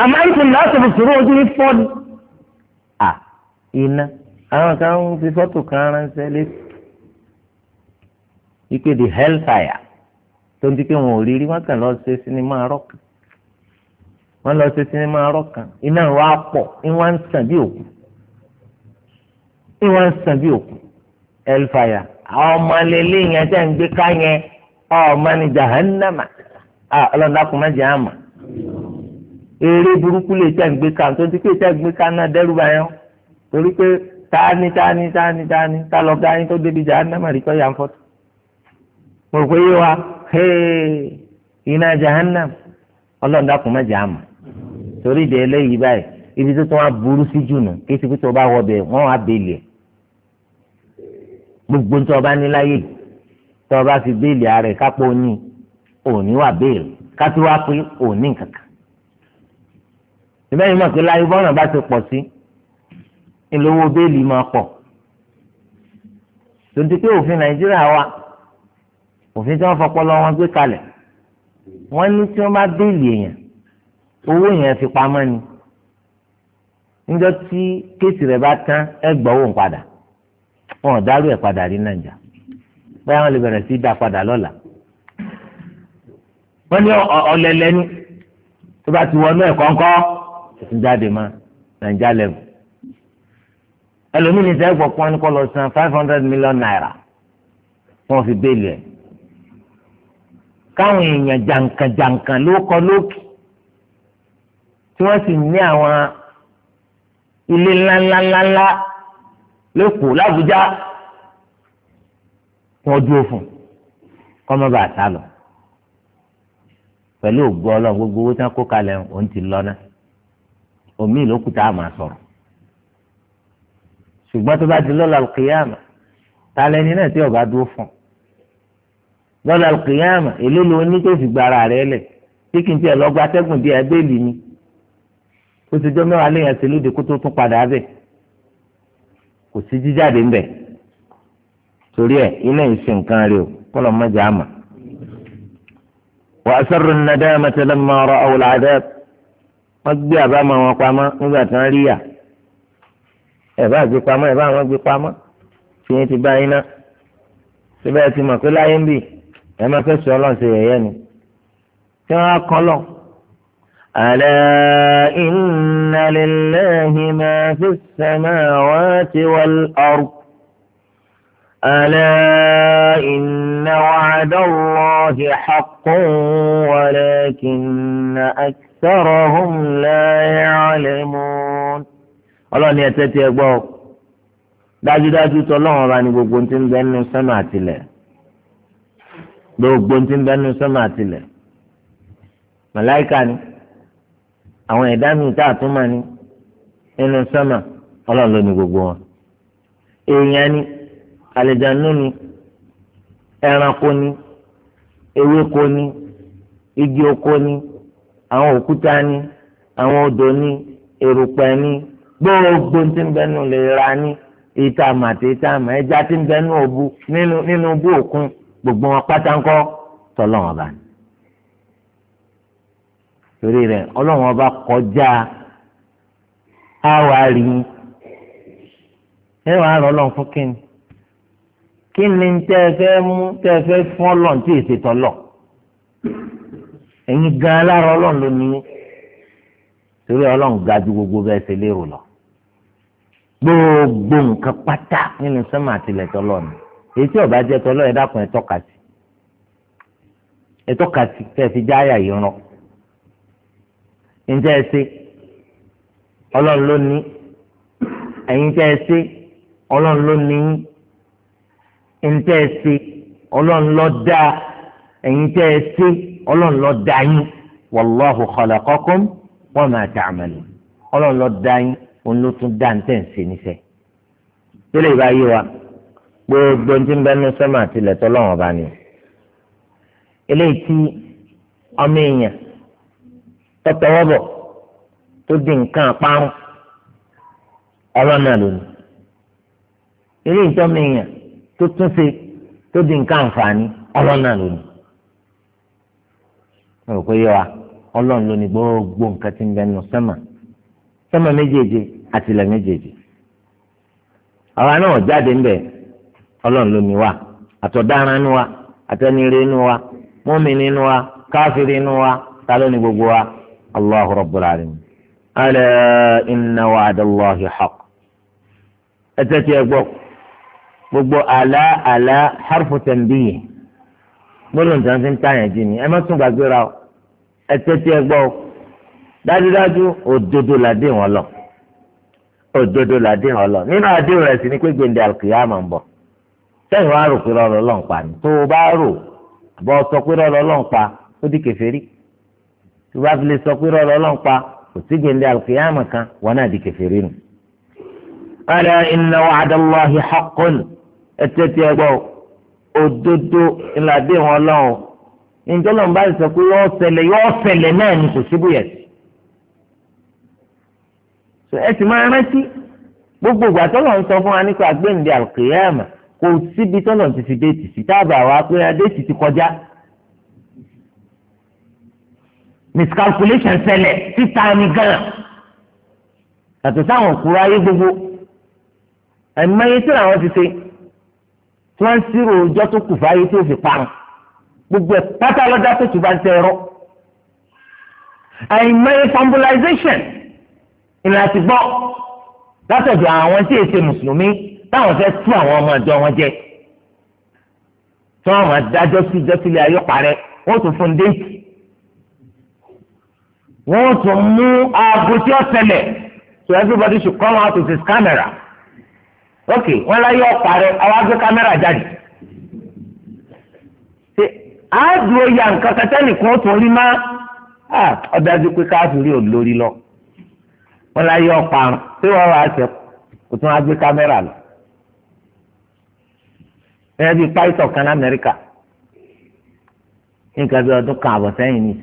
àmọ́ ìfún láti fi sùúrù ojú fọ́ ni. à iná àwọn kan fi fọ́tò kan ránṣẹ́ létí wípé the hellfire tó ń di pé wọn ò rí rí wọn kàn lọ ṣe sinimá arọ kan wọn lọ ṣe sinimá arọ kan iná ìwà pọ̀ ìwà ń sàn bí òkú ìwà ń sàn bí òkú hellfire ọmọ lele yẹn tẹ́ ń gbé ká yẹn ọmọ ní jahannama ọlọ́dà kò má jẹ́ àmà eré burúkú lè tẹ́ ń gbé ká tó ń di pé tẹ́ ń gbé ká náà dẹ́rù báyọ̀ torí pé tani tani tani tani tá tani gáyín tó débi jahannama rí kọ́ yà ń fọ́tò mo rò pé Hee, wa iná jahannam ọlọ́run dákun má jà mọ́ torí ìdè eléyìí báyìí ibi tó tún wá burú sí jù nù kí ti pé tó bá wọ bẹ̀ wọ́n wá bèèlì ẹ̀ gbogbo tó bá ní láyè tó bá fi bèèlì ara ẹ̀ kápò ní òní wà bèèlì kátó wá pé òní kankan ìbẹ́yìn mọ̀ pé láyé bọ́ọ̀nà bá ti pọ̀ sí ìlówó bèèlì máa pọ̀ tonti pé òfin nàìjíríà wa òfin tí wọ́n fọpọlọ wọn gbé kalẹ̀ wọ́n ní tí wọ́n bá béèlì èèyàn owó yẹn fi pamọ́ ni níjọ́ tí kéèsì rẹ̀ bá tán ẹ gbọ́wọ́ ń padà wọn ò dárú ẹ̀ padà rí nàìjà báyà wọ́n lè bẹ̀rẹ̀ sí í dá padà lọ́la wọ́n ní ọ̀lẹ́lẹ́ ní tó bá ti wọnú ẹ̀ kọ́ńkọ́ ẹ̀sìn jáde mọ́ nàìjà lẹ́bù ẹlòmínì sẹ́gbọ̀n pọ́n kọ́ lọ san five hundred million naira wọ́n fi béèlì ẹ̀ káwọn èèyàn jàǹkànjàǹkàn ló kọ lókì tí wọ́n sì ní àwọn ilé ńláńláńláńlá lẹ́kọ̀ọ́ làbújá wọ́n dúró fún kọ́mọ́bà àtàlọ́ pẹ̀lú ògbó ọlọ́run gbogbo owó tí wọ́n kó kalẹ̀ òun ti lọ́nà omi ìlókùtà àmà sọ̀rọ̀ ṣùgbọ́n tó bá di lọ́la kìyàmà ta lẹni náà tí ọba dúró fún lọ́la kìyàmà èlé ló ní tó fi gbára rẹ̀ lẹ̀ tí kì í tiẹ̀ lọ́gbà atẹ́gùn bíi abẹ́ẹ̀lì ni ó ti jọ mẹ́wàá lẹ́yìn ẹsẹ̀ lóde kó tó tún padà bẹ̀ kò sí jíjáde ńbẹ̀ torí ẹ̀ iná ìsìn nǹkan rẹ̀ o kọ́lọ̀ mọ́jà àmà. wà á sọ̀rọ̀ nadamata lamma ra'aw al'adab wọ́n gbé àbámọ̀ wọn pamọ́ nígbà tí wọ́n rí yà ẹ̀ gbé pamọ́ ẹ máa fẹ́ sọ ọlọ́run ṣe yẹ̀yẹ́ ni tí wọ́n á kọ́ lọ. ala inna lillahi ma fi samawati wal ard. ألا إن وعد الله حق ولكن أكثرهم لا يعلمون ọlọ́ni ẹ tẹ́tí ẹ gbọ́ dájúdájú tọ́lọ́run ọba ni gbogbo ti ń bẹ nínú sánmà àtìlẹ̀ gbogbo ti ń bẹnu sama àtìlẹ̀ màláìka ni àwọn ẹ̀dá mi tá a tún máa ní nínú sọ́mà ọlọ́run ló gbogbo wọn èèyàn ni àlejànú ni ẹranko ni ewéko ni igi oko ni àwọn òkúta ni àwọn odò ni erùpẹ̀ ni gbogbo ti ń bẹnu lè ra ni ìta àmàtì ita àmà ẹja ti ń bẹnu òbu nínú nínú bú òkun. gbogbo wọn pátánkọ tọlọ́run ọba ni torí rẹ̀ Ọlọ́run ọba kọjá àwa rí i ẹ wàá rọ Ọlọ́run fún kíni kíni tẹ́ ẹ fẹ́ mú tẹ́ ẹ fẹ́ fún Ọlọ́run tí èsì tọlọ ẹ̀yin gan alára Ọlọ́run ló ní torí Ọlọ́run ga ju gbogbo bẹ́ẹ̀ ṣe lérò lọ gbogbo nǹkan pátá nínú sẹmà àtìlẹtọ lọ ni èyí tí ọba jẹ tọlọ ẹ dákun ẹ tọ́ka sí ẹ tọ́ka sí kẹ fi já àyà yìí rán ǹjẹ́ ẹ ṣe ọlọ́run ló ní ẹ̀yin tẹ́ ẹ ṣe ọlọ́run ló ní ẹ̀yin tẹ́ ẹ ṣe ọlọ́run ló dá ẹ̀yin tẹ́ ẹ ṣe ọlọ́run dá yín wallahu khalaqakum wa ma ta'malun ọlọ́run ló dá yín òun ló tún dá ní tẹ̀ ń ṣe níṣẹ́ tó lè wa. gbogbo ní nke ń bẹnu sẹ́mà tilẹ̀ ọba ni eléyìí ọmọ èèyàn tọ́tọ́wọ́bọ̀ tó di nǹkan àparun ọlọ́nà lónìí eléyìí ọmọ èèyàn tó túnṣe tó di nǹkan àǹfààní ọlọ́nà lónìí mo rò wa ọlọ́run nke nke gbogbo nǹkan tí ń bẹnu sẹ́mà méjèèjì àtìlẹ̀ méjèèjì àwa náà jáde ọlọ́run ló ní wa àtọ̀daràn nu wa àtẹnire nu wa mọ́mìnì wa káfíìrì nu wa ta gbogbo wa allahu rabbul alamin. ala inna wa'dallahi gbogbo àlá àlá harfu tanbihi gbọ́dọ̀ nǹkan tí ń jí ni ẹ má tún gbàgbéra o dájúdájú òdodo wọn lọ òdodo wọn lọ nínú rẹ̀ sẹ́yìn wá rò pé rọrọ lọ́n pa ni tó o bá rò bọ́ sọ pé rọrọ lọ́n pa ó di kèfèrí tó bá fi lè sọ pé rọrọ lọ́n pa kò sí gbèndé alùkìyàmù kan wọn náà di kèfèrí nù. ala inna wa'dallahi haqqun ẹtẹ́ tí ẹ gbọ́ òdodo ìlàdé wọn lọ́wọ́ ìjọlọ́n bá sọ pé yọ ṣẹlẹ̀ yọ ṣẹlẹ̀ náà ni kò síbú yẹn. ẹ sì máa rántí gbogbo ìgbà tó lọ ń sọ fún wa nípa gbèndé alùkìyàmù kò síbi tọ́lọ̀ ti fi déètì sí táàbà wa pé déètì ti kọjá miscalculation ṣẹlẹ̀ títa ni gan yàtọ̀ sáwọn òkúra ayé gbogbo ẹ̀mọ́yé tí làwọn ti ṣe tí wọ́n ń sírò ọjọ́ tó kù fáyé tó fi parun gbogbo ẹ̀ pátá lọ́dá tó tù bá ń tẹ̀rọ ẹ̀mọ́yé fambulization ìlànà ti gbọ́ látọ̀dọ̀ àwọn tí èsè mùsùlùmí táwọn fẹ́ tú àwọn ọmọ ìjọ wọn jẹ tí wọ́n máa dájọ́ sí jọ́sílẹ̀ ayé wọ́n tún fún un wọ́n tún mú aago tí ó tẹ̀lẹ̀ so everybody should come out with his camera ok wọ́n láyé ọ̀parẹ́ àwọn agbé kámẹ́rà jáde ṣe àádùn oyè nǹkan kẹtẹ́nì kan tún rí má ọ̀dájú pé káfíìrì ò lórí lọ wọ́n láyé ọ̀parun tí wọ́n wá ṣe kò tún agbé kámẹ́rà lọ. ẹ bí python kan lamẹ́ríkà nǹkan bí ọdún kan àbọ̀ sẹ́yìn ni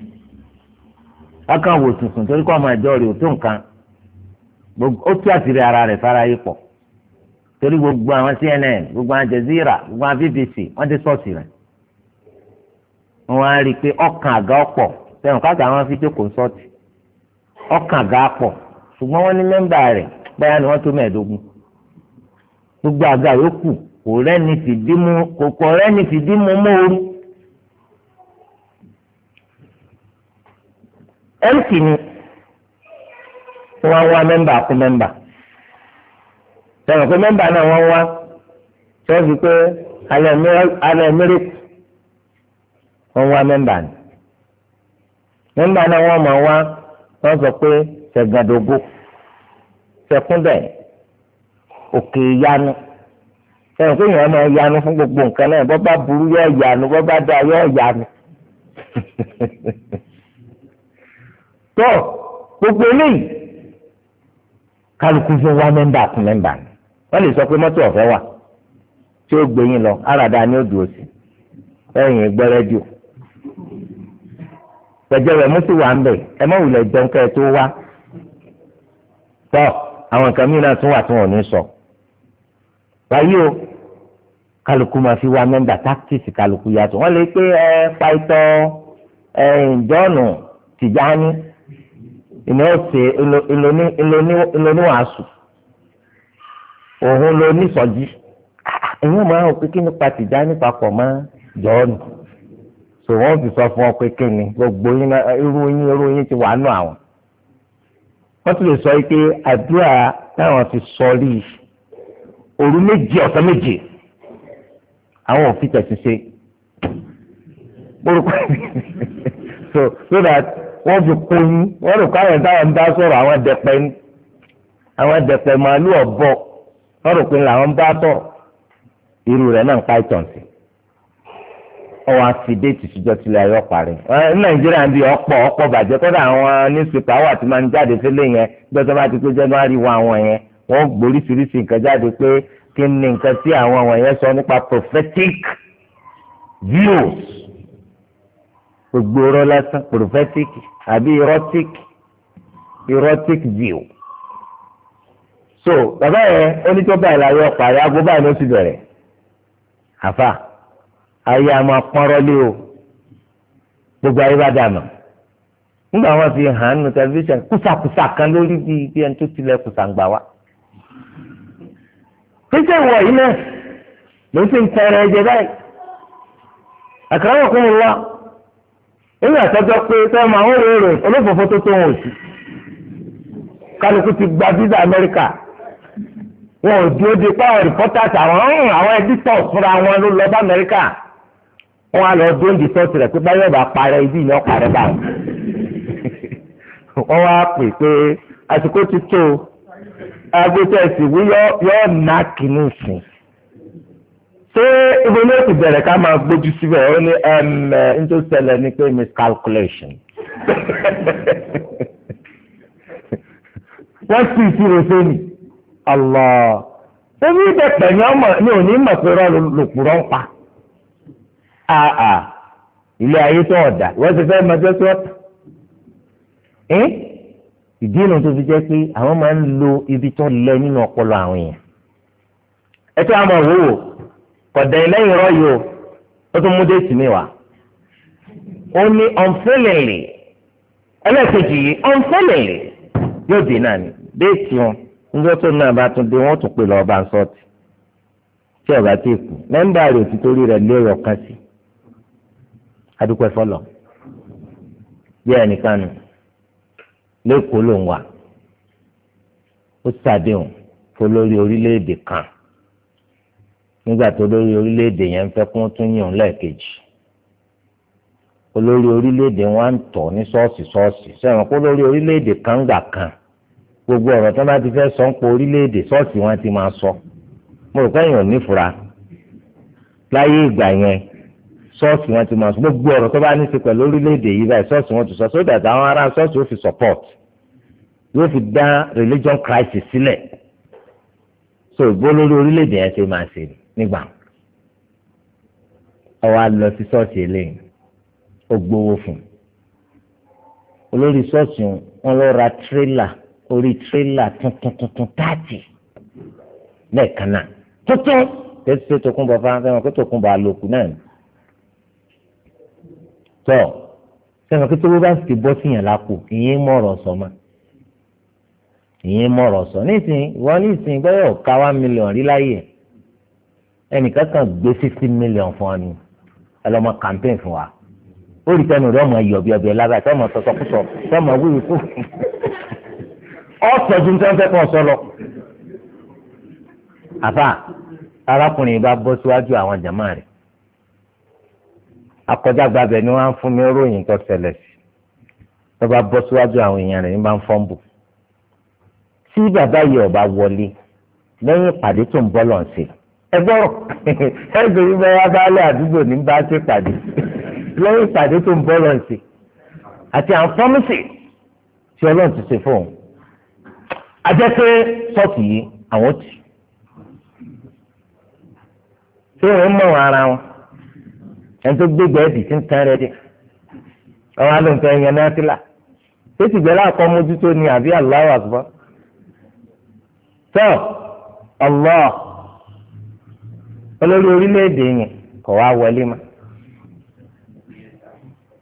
ọkàn wò tuntun torí kọ́ ọmọ ẹ̀jọ́ rẹ̀ ò tó nǹkan ó tú ara rẹ̀ fara yìí pọ̀ torí gbogbo àwọn CNN gbogbo àwọn gbogbo àwọn BBC wọ́n ti sọ̀ọ̀sì rẹ̀ á rí i pé ọkàn àga ọ̀pọ̀ àwọn ọkàn àga pọ̀ ṣùgbọ́n ní mẹ́mbà rẹ̀ báyà ni kò rẹ́ni fìdí mú kòkò rẹ́ni fìdí mú mọ́ọ́rú. ẹ̀ǹtì ni wọ́n wá mẹ́mbà kú mẹ́mbà sọ̀rọ̀ pé mẹ́mbà náà wọ́n wá sọ́ọ́sì pé alẹ́ mẹ́rẹ́kù wọ́n wá mẹ́mbà ni mẹ́mbà náà wọ́n máa wá wọ́n sọ pé sẹ̀gàdógó sẹ̀kúndẹ̀ òkè ìyanu. Okay, sẹ́yìn pé èèyàn máa yanu fún gbogbo nǹkan náà bọ́ bá burú yóò yanu bọ́ bá dáa yóò yanu. tó gbogbo eléyìí kálukú fún wa mẹ́mbà mẹ́mbà sọ pé mọ́tò ọ̀fẹ́ wà tí ó gbé lọ àràdá ni ó dùn sí ẹ̀yìn gbọ́ rẹ́díò rẹ̀ mú sí wà ń bẹ̀ ẹ mọ̀ wùlẹ̀ jẹun kẹ́ àwọn nǹkan mìíràn tún wà sọ. wáyé o kálukú máa fi wá nọ́mbà táktíìsì kálukú yàtọ̀ wọ́n lè pé ẹ paitọ́ ẹ jọ́ọ̀nù tìjáni ìná ọ̀sẹ̀ ìlóníwàásù òun ló nísọjí ìyẹn ah, ah, máa hàn pé kí nípa tìjáni papọ̀ mọ́ jọ́ọ̀nù so wọ́n fi sọ fún ọ pé kí ni gbogbo irú yín irú yín ti wà nù àwọn wọ́n ti lè sọ pé àdúrà táwọn ti sọ rí i òru méje ọ̀sán méje àwọn òfin tẹ̀sí ṣe orúkọ so so that wọ́n fi kún un wọ́n rò káyọ̀ táwọn bá sọ̀rọ̀ àwọn dẹ̀pẹ́ ní àwọn dẹ̀pẹ́ màálù ọ̀bọ wọ́n rò pé làwọn bá tọ̀ irú rẹ̀ náà ń pa ìtàn sí ọwọ́ àfidéètì síjọ́ tilẹ̀ ayọ́ parí ní nàìjíríà ń bí ọ̀pọ̀ ọ̀pọ̀ bàjẹ́ kọ́dà àwọn newspaper wà tí máa ń jáde sílé yẹn gbọ́dọ̀ bá ti pé january wọ àwọn yẹn wọ́n gbóríṣiríṣi nǹkan jáde pé kí ni nǹkan tí àwọn àwọn yẹn sọ nípa prophetic views gbogbo irọ́ prophetic àbí erotic erotic view so bàbá yẹn onítọ́ báyìí la yọ ọ̀pá àyàgó báyìí ló ti bẹ̀rẹ̀ àfà ayé a máa pọ́nrọ́ lé o gbogbo ayé bá dànù nígbà wọn fi hàn án nu tẹlifíṣàn kùsàkùsà kan lórí bíi bí ẹni tó tilẹ̀ kùsàǹgbà wa kéṣe ìwọ yìí náà ló ti ń tẹrẹ ẹjẹ báyìí àkàràwọ̀ kún un wá nínú àtọ́jọ́ pé sọ́mọ àwọn òróró olófòfó tó tó wọn ò sí kálukú ti gba visa Amẹ́ríkà wọn ò dúró de pa àwọn rìpọ́tàsì àwọn hmm, àwọn ẹdítọ̀ fúnra wọn ló lọ bá Amẹ́ríkà wọn á dúró di sọ́ọ̀tì rẹ̀ pé báyọ̀ bá parẹ́ ibi ìyẹn parẹ́ báwọn wọn wá pè pé àsìkò ti tó o. agbésẹ̀ ìsìnkú yóò nà kínní ìsìn ṣé ibi ní òkè bẹ̀rẹ̀ ká máa gbójú síbẹ̀ ó ní nítorí ṣẹlẹ̀ miscalculation wọ́n sì ìṣirò sóni Allah ebi ìdẹ̀pẹ̀ ni ọmọ ni òní mọ̀ pé rọ́ọ̀lù pa ilé ayé tó ọ̀dà wọ́n ti fẹ́ ìdí ìnà tó fi jẹ́ pé àwọn máa ń lo ibi tó lẹ nínú ọpọlọ àwọn èèyàn ẹ tí a máa wò wò kọ̀dà ìlẹ́yìn rọ yìí o ó tún mú déètì mi wá ó ní unfailingly ẹlẹ́ẹ̀kejì yìí unfailingly yóò dé náà ni déètì wọn níjọ́ tó náà bá tún dé wọ́n tún pè lọ́ọ́ bá ń sọ́ọ̀tì tí ọ̀gá tí kù mẹ́ńbà rẹ̀ ti torí rẹ̀ lé ọ̀kan sí adúpẹ́ fọlọ́ bí ẹnìkan nù. lẹ́kọ̀ọ́ ló ń wà ó ṣàdéhùn orílẹ̀-èdè kan nígbà tó lórí orílẹ̀-èdè yẹn ń fẹ́ kó tún yàn lẹ́ẹ̀kejì olórí orílẹ̀-èdè wọn ń tọ̀ ní sẹ́wọ̀n kó kan gbogbo ọ̀rọ̀ tó bá ti fẹ́ sọ ń pa orílẹ̀-èdè wọn ti máa sọ mo rò pé èèyàn ṣọ́ọ̀ṣì wọn ti máa sọ gbogbo ọ̀rọ̀ tó bá ní ṣe pẹ̀lú orílẹ̀ yìí báyìí ṣọ́ọ̀ṣì wọn ti sọ sódà táwọn ará ṣọ́ọ̀ṣì ó fi support yóò fi dá religion crisis sílẹ̀ so ìbò lórí orílẹ̀-èdè yẹn ṣe máa ṣe nígbà ọwọ́ á lọ sí ṣọ́ọ̀ṣì eléyìí ó gbowó fún un olórí ṣọ́ọ̀ṣì wọn lọ ra tírélà orí tírélà tuntun tuntun táàtì náà tuntun tẹ́tí tó tó kún bọ̀ fáwọn fẹ́ràn kó tó kún bọ̀ náà ni tọ́ sẹ́nu pé tówó bá sì ti bọ́ sí yàn lápò ìyẹn mọ̀rọ̀ sọ ma ìyẹn mọ̀rọ̀ sọ nísìnyí wọ́n nísìnyí gbọ́dọ̀ ká one million rí láyè ẹnìkan kan gbé fifty million fún ọ ni ẹ campaign fún wa ó rí tẹnu rẹ ọmọ iyọ̀ bí ọbẹ̀ lábẹ́ àti ọmọ sọsọkúsọ ọmọ wíwí kú ọ̀sọ̀ ju nítorí fẹ́ kọ́ ọ sọ lọ. àfà arákùnrin bá bọ́ síwájú àwọn jàmáà rẹ̀ akọjágbàbẹ ni wọn á fún mi ròyìn tó ṣẹlẹ̀ sí tó bá bọ́ síwájú àwọn èèyàn rẹ̀ ní bá ń fọ́ǹbù tí bàbá yìí ọba wọlé lẹ́yìn ìpàdé tó ń bọ̀ lọ sí ẹ gbọ́rọ̀ ẹgbẹ́ yìí bá wá baálé àdúgbò ní bá ṣe pàdé lẹ́yìn ìpàdé tó ń bọ̀ lọ sí àti àǹfọ́mùsì tí ọlọ́run ti ṣe fún un ajẹ́pẹ́ sọ́ọ̀tì yìí àwọn ò tì í ṣé wọ́n mọ̀ ara wọn ẹni tó gbégbé ẹ̀dì tí ń tán rẹ dé ọ̀hún alóńtọ́ ẹ̀yẹn náà ti là tó ti gbẹ́lá kọ́ mójútó ni àbí Allahu Akbar tọ́ Allah olórí orílẹ̀-èdè yẹn kò wá wọlé ma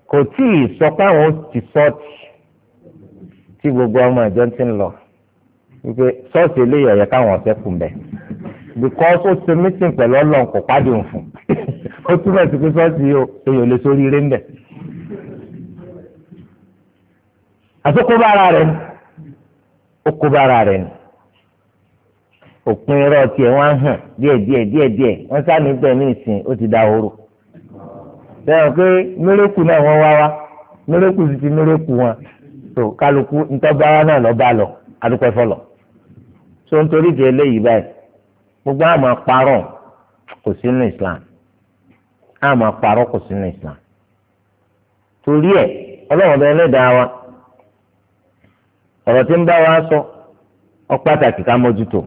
kò tí ì sọ pé àwọn ti sọ́ọ̀tì tí gbogbo ọmọ ìjọ ti ń lọ wípé sọ́ọ̀tì eléyìí ọ̀yẹ́ káwọn ọ̀sẹ̀ kù mbẹ́ because ó ti mítìn pẹ̀lú ọlọ́run kò pàdé òun ó túmọ̀ sí pé sọ́ọ̀sì èèyàn lè sórí eré ńbẹ̀. àtòkóbá ara rẹ̀ ni ó kóbá ara rẹ̀ ni òpin irọ́ tiẹ̀ wọ́n á hàn díẹ̀díẹ̀ díẹ̀díẹ̀ wọ́n sá nígbẹ̀ ní ìsìn ó ti da ooru. sẹ́wọ̀n pé mérékù náà wọ́n wá wá mérékù sì ti mérékù wọn tó kálukú ntọ́gbára náà lọ́ọ́ bá lọ adúpẹ́ fọlọ́ tó ń torí eléyìí báyìí gbogbo àmọ́ parọ́ kò sínú Islam á máa parọ́ kò sínú islam torí ẹ̀ ọlọ́run ọba ẹlẹ́dàá wa ọ̀rọ̀ tí ń bá wa sọ ọ pàtàkì ká mójútó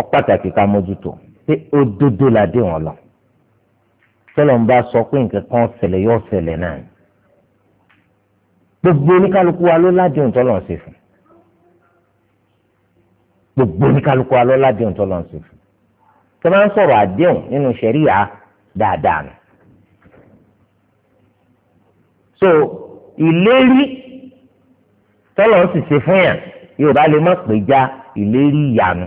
ọ pàtàkì ká mójútó pé òdodo la dé wọn lọ tọ́lọ̀ ń bá sọ pé nǹkan kan ṣẹlẹ̀ yóò ṣẹlẹ̀ náà gbogbo oníkálukú wa ló ládìhùn tọ́lọ̀ ṣe fún gbogbo oníkálukú wa ló ládìhùn tọ́lọ̀ ṣe fún tọ́lọ̀ sọ̀rọ̀ àdéhùn nínú ṣẹ̀ríyà dáadáa nù. so ìlérí tọ́lọ̀ ń sì ṣe fún yàn yorùbá lè má pè já ìlérí ìyanu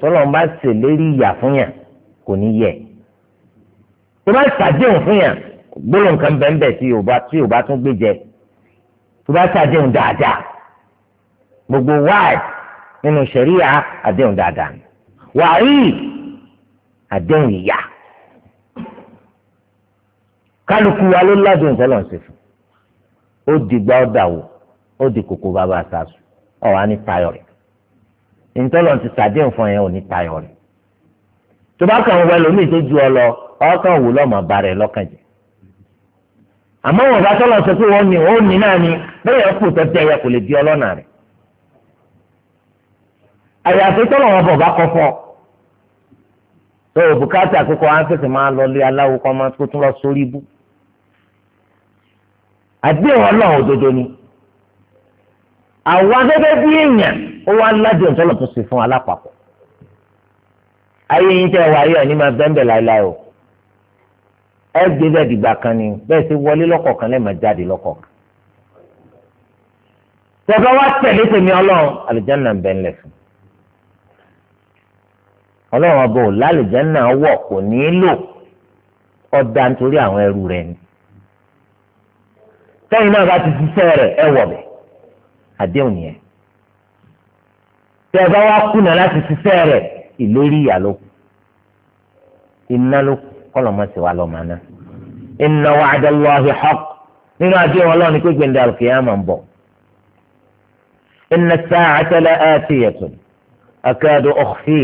tọ́lọ̀ ń bá ṣèlérí ìyà fún yàn kò ní yẹ tó bá ṣàdéhùn fún yàn gbólóhùn nǹkan bẹ́ẹ̀ tí yorùbá tí yorùbá tún gbé jẹ tó bá ṣàdéhùn dáadáa gbogbo wáàdì nínú ṣẹ̀ríà àdéhùn dáadáa wàá rí i àdéhùn ìyá kálukú wa ló ládùn ìtọ́lọ̀ ṣe fún ó di gbá ọ̀dà wò ó di kòkó bàbá àtàsù ọ̀wá ní tayọ̀ rẹ̀ ìtọ́lọ̀ ti sàdéhùn fún yẹn ò ní tayọ̀ rẹ̀ tó bá kàn wẹ́ lómi tó ju ọ lọ ọkàn wò lọ́mọ ba rẹ̀ lọ́kàn jẹ́ àmọ́ wọn bá tọ́lọ̀ sọ pé wọ́n ní wọ́n ní náà ni bẹ́ẹ̀ yẹn kù tẹ́tẹ́ yẹ kò lè di ọlọ́nà rẹ̀ àyàfi tọ́lọ̀ wọn bọ̀ bá kọ́ fún ọ tó o bùkátà kókó á tètè máa lọ lé aláwo kó máa tó tún lọ sórí ibú. àdéhùn ọlọ́run òdodo ni àwa gẹ́gẹ́ bí èèyàn ó wá ládùn ìtọ́lọ̀ tó sì fún alápapọ̀. ayé yín tẹ́ wáyé ẹ̀ ní máa bẹ́ńbẹ̀ láéláé o ẹ gbé bẹ́ẹ̀ dìgbà kan ni bẹ́ẹ̀ sì wọlé lọ́kọ̀ọ̀kan lẹ́ẹ̀ máa jáde lọ́kọ̀ọ̀kan. tẹ̀fẹ́ wá tẹ̀lé tèmi ọlọ́run àlùjánnà ọlọ́run ọba ò náà wọ̀ kò ní í lò ọ̀dà nítorí àwọn ẹrú rẹ̀ ni. tẹ́yìn náà bá ti ṣiṣẹ́ rẹ̀ ẹ wọ̀ bẹ̀ àdéhùn yẹn. tẹ́ ẹ bá wá kùnà láti ṣiṣẹ́ rẹ̀ ìlérí ìyà iná ló kọ́lọ́mọ́sí wa inna nínú àdéhùn ọlọ́run ni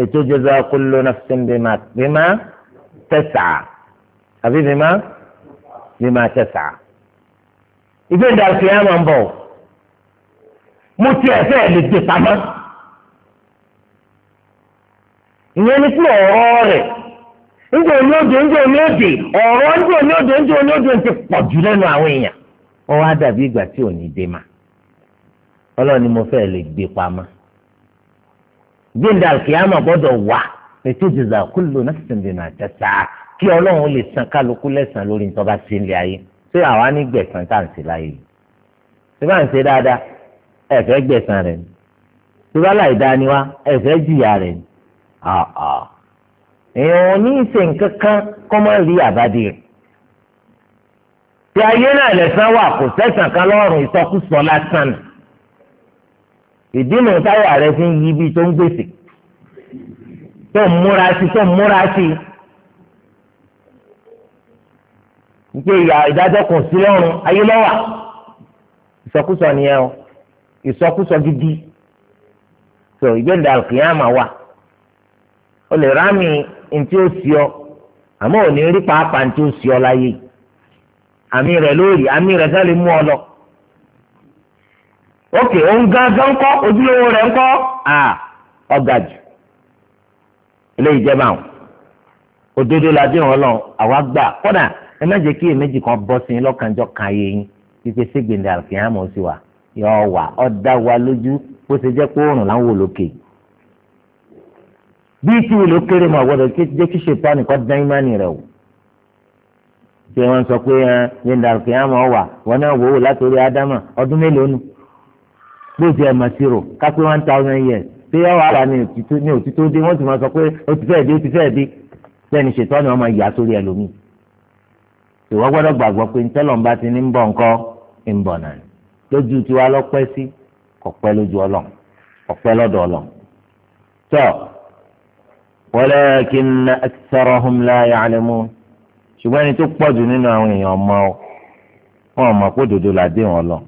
ètò jaza kullu nafsin bima bima tas'a àbí bima bima tas'a. ìgbéǹda òkèèyàn máa ń bọ̀ mo ti ẹ̀fẹ́ lè gbé pamọ́. ìyẹn ní kí ọ̀rọ̀ rẹ̀ ńjẹ́ oní òde ńjẹ́ oní òde ọ̀rọ̀ ńjẹ́ oní òde ńjẹ́ oní òde ti pọ̀ jù lẹ́nu àwọn èèyàn. ó wá ìgbà tí ò ní dé mà ọlọ́run mo fẹ́ lè gbé pamọ́ gbẹ̀ndà kìámà gbọ́dọ̀ wà ètò ìjìzà kúlò náà sì bìnnà àtẹ̀sà kí ọlọ́run lè san kálukú lẹ́sàn lórí nítorí sí ilé ayé ṣé àwa ní gbẹ̀san tá à ń ṣe láyé ṣé bá ń ṣe dáadáa ẹ fẹ́ gbẹ̀san rẹ̀ ni ṣé bá láì dáa ni wá ẹ jìyà rẹ̀ ni èèyàn ní ìṣe nǹkan kan kọ́ máa rí àbádé rẹ̀ tí ayé náà lẹ́sàn wà kò sẹ́sàn kan lọ́rùn ìsọkúsọ lásán nù ìdínà táyà rẹ fi ń yí bí tó ń gbèsè tó ń múra sí tó ń múra sí wípé ìyá ìdájọ́ kò sí lọ́rùn ayé lọ́wà ìsọkúsọ nìyẹn o ìsọkúsọ gidi tó ìgbéǹda kìíyàmà wà o lè rámì ntí ó sí ọ àmọ́ òní rí pàápàá ntí ó sí ọ láyé àmì rẹ̀ lórí àmì rẹ̀ sẹ́lẹ̀ mú ọ lọ. oke òun gángan nkọ ojúlówó rẹ̀ ńkọ́ nkọ a jù eléyìí jẹ́ báwọn òdodo la dé wọn lọ àwa gbà kódà ẹ má jẹ́ kí èméjì kan bọ́ sí i lọ́kànjọ́ kan yé yín wípé ségbèndé àlùkìyàmọ̀ sí wa yọ wà ọ́ wa lójú bó ṣe pé láwọn olókè bíi tí kéré kí kọ́ dán ìmánì ṣé sọ pé ẹ wà wọn náà wò ó ádámà ọdún mélòó nù bó tiẹ̀ mà sí rò kápẹ́ one thousand years pé ọ̀ ara ni òtítọ́ ni òtítọ́ dé wọ́n ti máa sọ pé ó ti fẹ́ẹ̀ dé ó ti fẹ́ẹ̀ dé bẹ́ẹ̀ni ṣètọ́ ni wọ́n máa sórí ẹlòmíì ìwọ gbọ́dọ̀ gbàgbọ́ pé ntọ́lọ́mbà ti ní ń bọ̀ nǹkan ń bọ̀ náà lójú tiwa lọ́pẹ́ sí ọ̀pẹ́ lójú ọlọ́n ọ̀pẹ́ lọ́dọ̀ ọlọ́n tọ́ walakinna aktharahum la ya'lamun ṣùgbọ́n ẹni tó pọ̀jù nínú àwọn èèyàn ọmọ wọn ọmọ kó dòdò làdé wọn lọ́n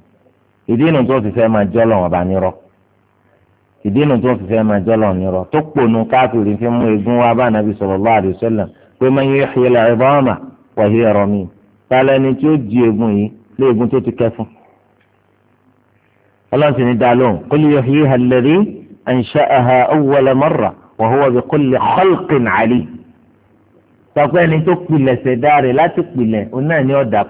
ìdí inú tó fi fẹ́ máa jọ́ lọ́wọ́ bá nírọ́ ìdí inú tó fi fẹ́ máa jọ́ lọ́wọ́ nírọ́ tó pònú káfíìrì fi mú egun wá bá nàbí sallallahu alaihi wasallam pé man yuhyi al-'idhama wa hiya ramim tálẹ́ ni tí ó di egun yìí lé egun tó ti kẹ́ fún. ọlọ́run sì ní dá ni tó pilẹ̀ ṣẹ̀dá rẹ̀ láti pilẹ̀ òun náà ni ó dá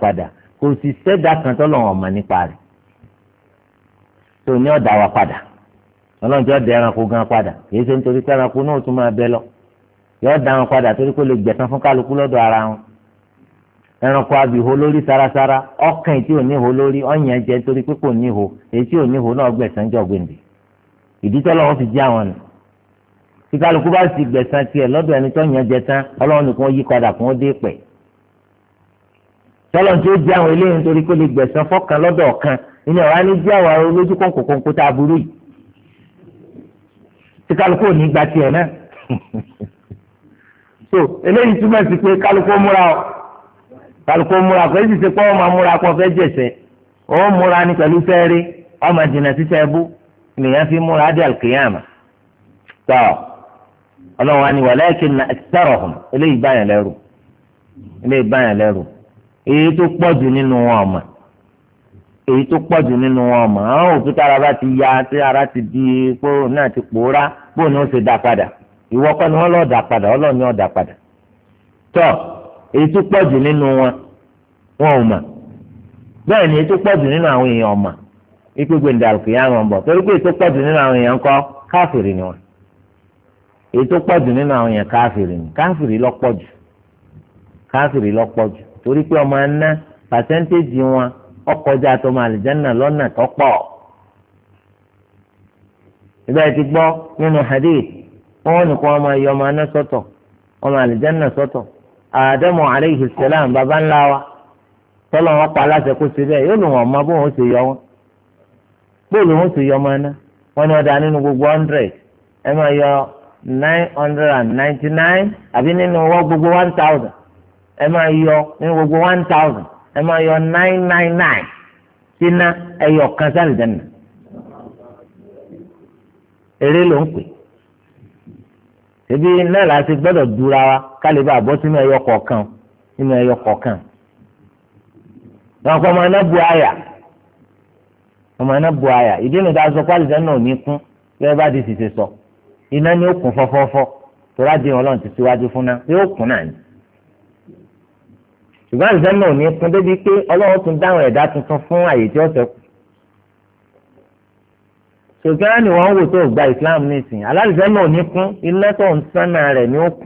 tó ní ọ̀dà wa padà ọlọ́run tí ọ̀dà ẹranko gan padà kìí ṣe nítorí pé ẹranko náà tún máa bẹ lọ yọ ọ̀dà wọn padà torí pé ó lè gbẹ̀san fún kálukú lọ́dọ̀ ara wọn ẹranko abìho lórí sarasara ọkàn tí ò ního lórí ọ̀yàn jẹ torí pé kò ního èyí tí ò ního náà gbẹ̀san jọ gbèǹdè ìdí tọ́lọ́run fi jẹ́ àwọn nù tí kálukú bá sì gbẹ̀san tiẹ̀ lọ́dọ̀ ẹni tó yàn jẹ tán ọlọ́run nìkan yí padà kún ó pẹ̀ tọ́lọ́run tí ó jẹ́ àwọn eléyìí nítorí pé ó lè gbẹ̀san fọ́kàn lọ́dọ̀ ọ̀kan ilé wa ní jẹ́ àwọn olójú kọ̀ǹkọ̀ kọ̀ǹkọ̀ tá a burú yìí tí kálukú ò ní gba tiẹ̀ náà so eléyìí túmọ̀ sí pé kálukú múra ọ kálukú múra kò èsì ṣe pé ọmọ múra kó fẹ́ jẹ̀sẹ̀ ó múra ní pẹ̀lú sẹ́ẹ̀rí ọmọ jìnnà sí sẹ́ẹ̀bù nìyẹn fi múra adé àlùkìyàmà tọ́ ọlọ́run wa ni walakin aktharuhum eléyìí báyàn lẹ́rù eléyìí báyàn lẹ́rù èyí tó pọ̀ jù nínú wọn ọ̀mọ̀ èyí tó pọ̀ nínú wọn mọ̀ àwọn òfin tára bá ti ya tí ara ti di pòrò náà ti pòórá bó ni ó ṣe dá padà ìwọ kọ́ ni wọ́n lọ́ọ́ dá padà ọlọ́ọ̀ ni ó dá padà tọ́ èyí tó pọ̀ nínú wọn wọn ò mọ̀ bẹ́ẹ̀ ni èyí tó pọ̀ nínú àwọn èèyàn ọ̀mà ikú gbèǹda òkè yá wọn bọ̀ torí pé èyí tó pọ̀ nínú àwọn èèyàn kọ́ káfìrì ni wọn èyí tó pọ̀ nínú àwọn èèyàn káfìrì ni káfìrì lọ́pọ̀jù káfìrì lọ́pọ̀jù jù torí pé ọmọ aná pàṣẹ́ntéèjì wọn ọkọjá tó máa àlìjánà lọ́nà tó pọ̀ ìgbà yìí ti gbọ́ nínú hadith wọn ní kó wọn máa yọ ọmọ aná sọ́tọ̀ ọmọ àlìjánà sọ́tọ̀ àdámù aleyhi salam baba ńlá wa tọ́lọ̀ wọn pa aláṣẹ kó ṣe bẹ́ẹ̀ yóò lù wọ́n mọ bóun ó ṣe yọ wọn bóòlù wọn ṣe yọ ọmọ aná wọn ni ọ̀dà nínú gbogbo hundred ẹ máa yọ nine hundred and ninety nine àbí nínú wọn gbogbo one thousand ẹ máa yọ nínú gbogbo one thousand ẹ máa yọ nine nine nine sínú ẹyọ kan sáré dáná eré ló ń pè ṣebí náà la ti gbọ́dọ̀ dúra wa kálí bá bọ́ sínú ẹyọ kọ̀ọ̀kan sínú ẹyọ kọ̀ọ̀kan wọn kọ ọmọ iná bu àyà ọmọ iná bu àyà ìdí nu ta sọ pálí dáná ò ní kún bẹ́ẹ̀ bá ti sì sọ iná ni ó kún fọ́fọ́fọ́ tó rájì Ọlọ́run ti síwájú fún náà yóò kún náà ni ṣùgbọ́n àlùjẹ́ náà ní kún débi pé ọlọ́run tún dáhùn ẹ̀dá tuntun fún àyè tí ó sẹ́kù. ṣùgbọ́n ni wọ́n wò tó gba Islam nísìnyí alálùjẹ́ náà ní kún iná tó ń sánà rẹ̀ ní òkú.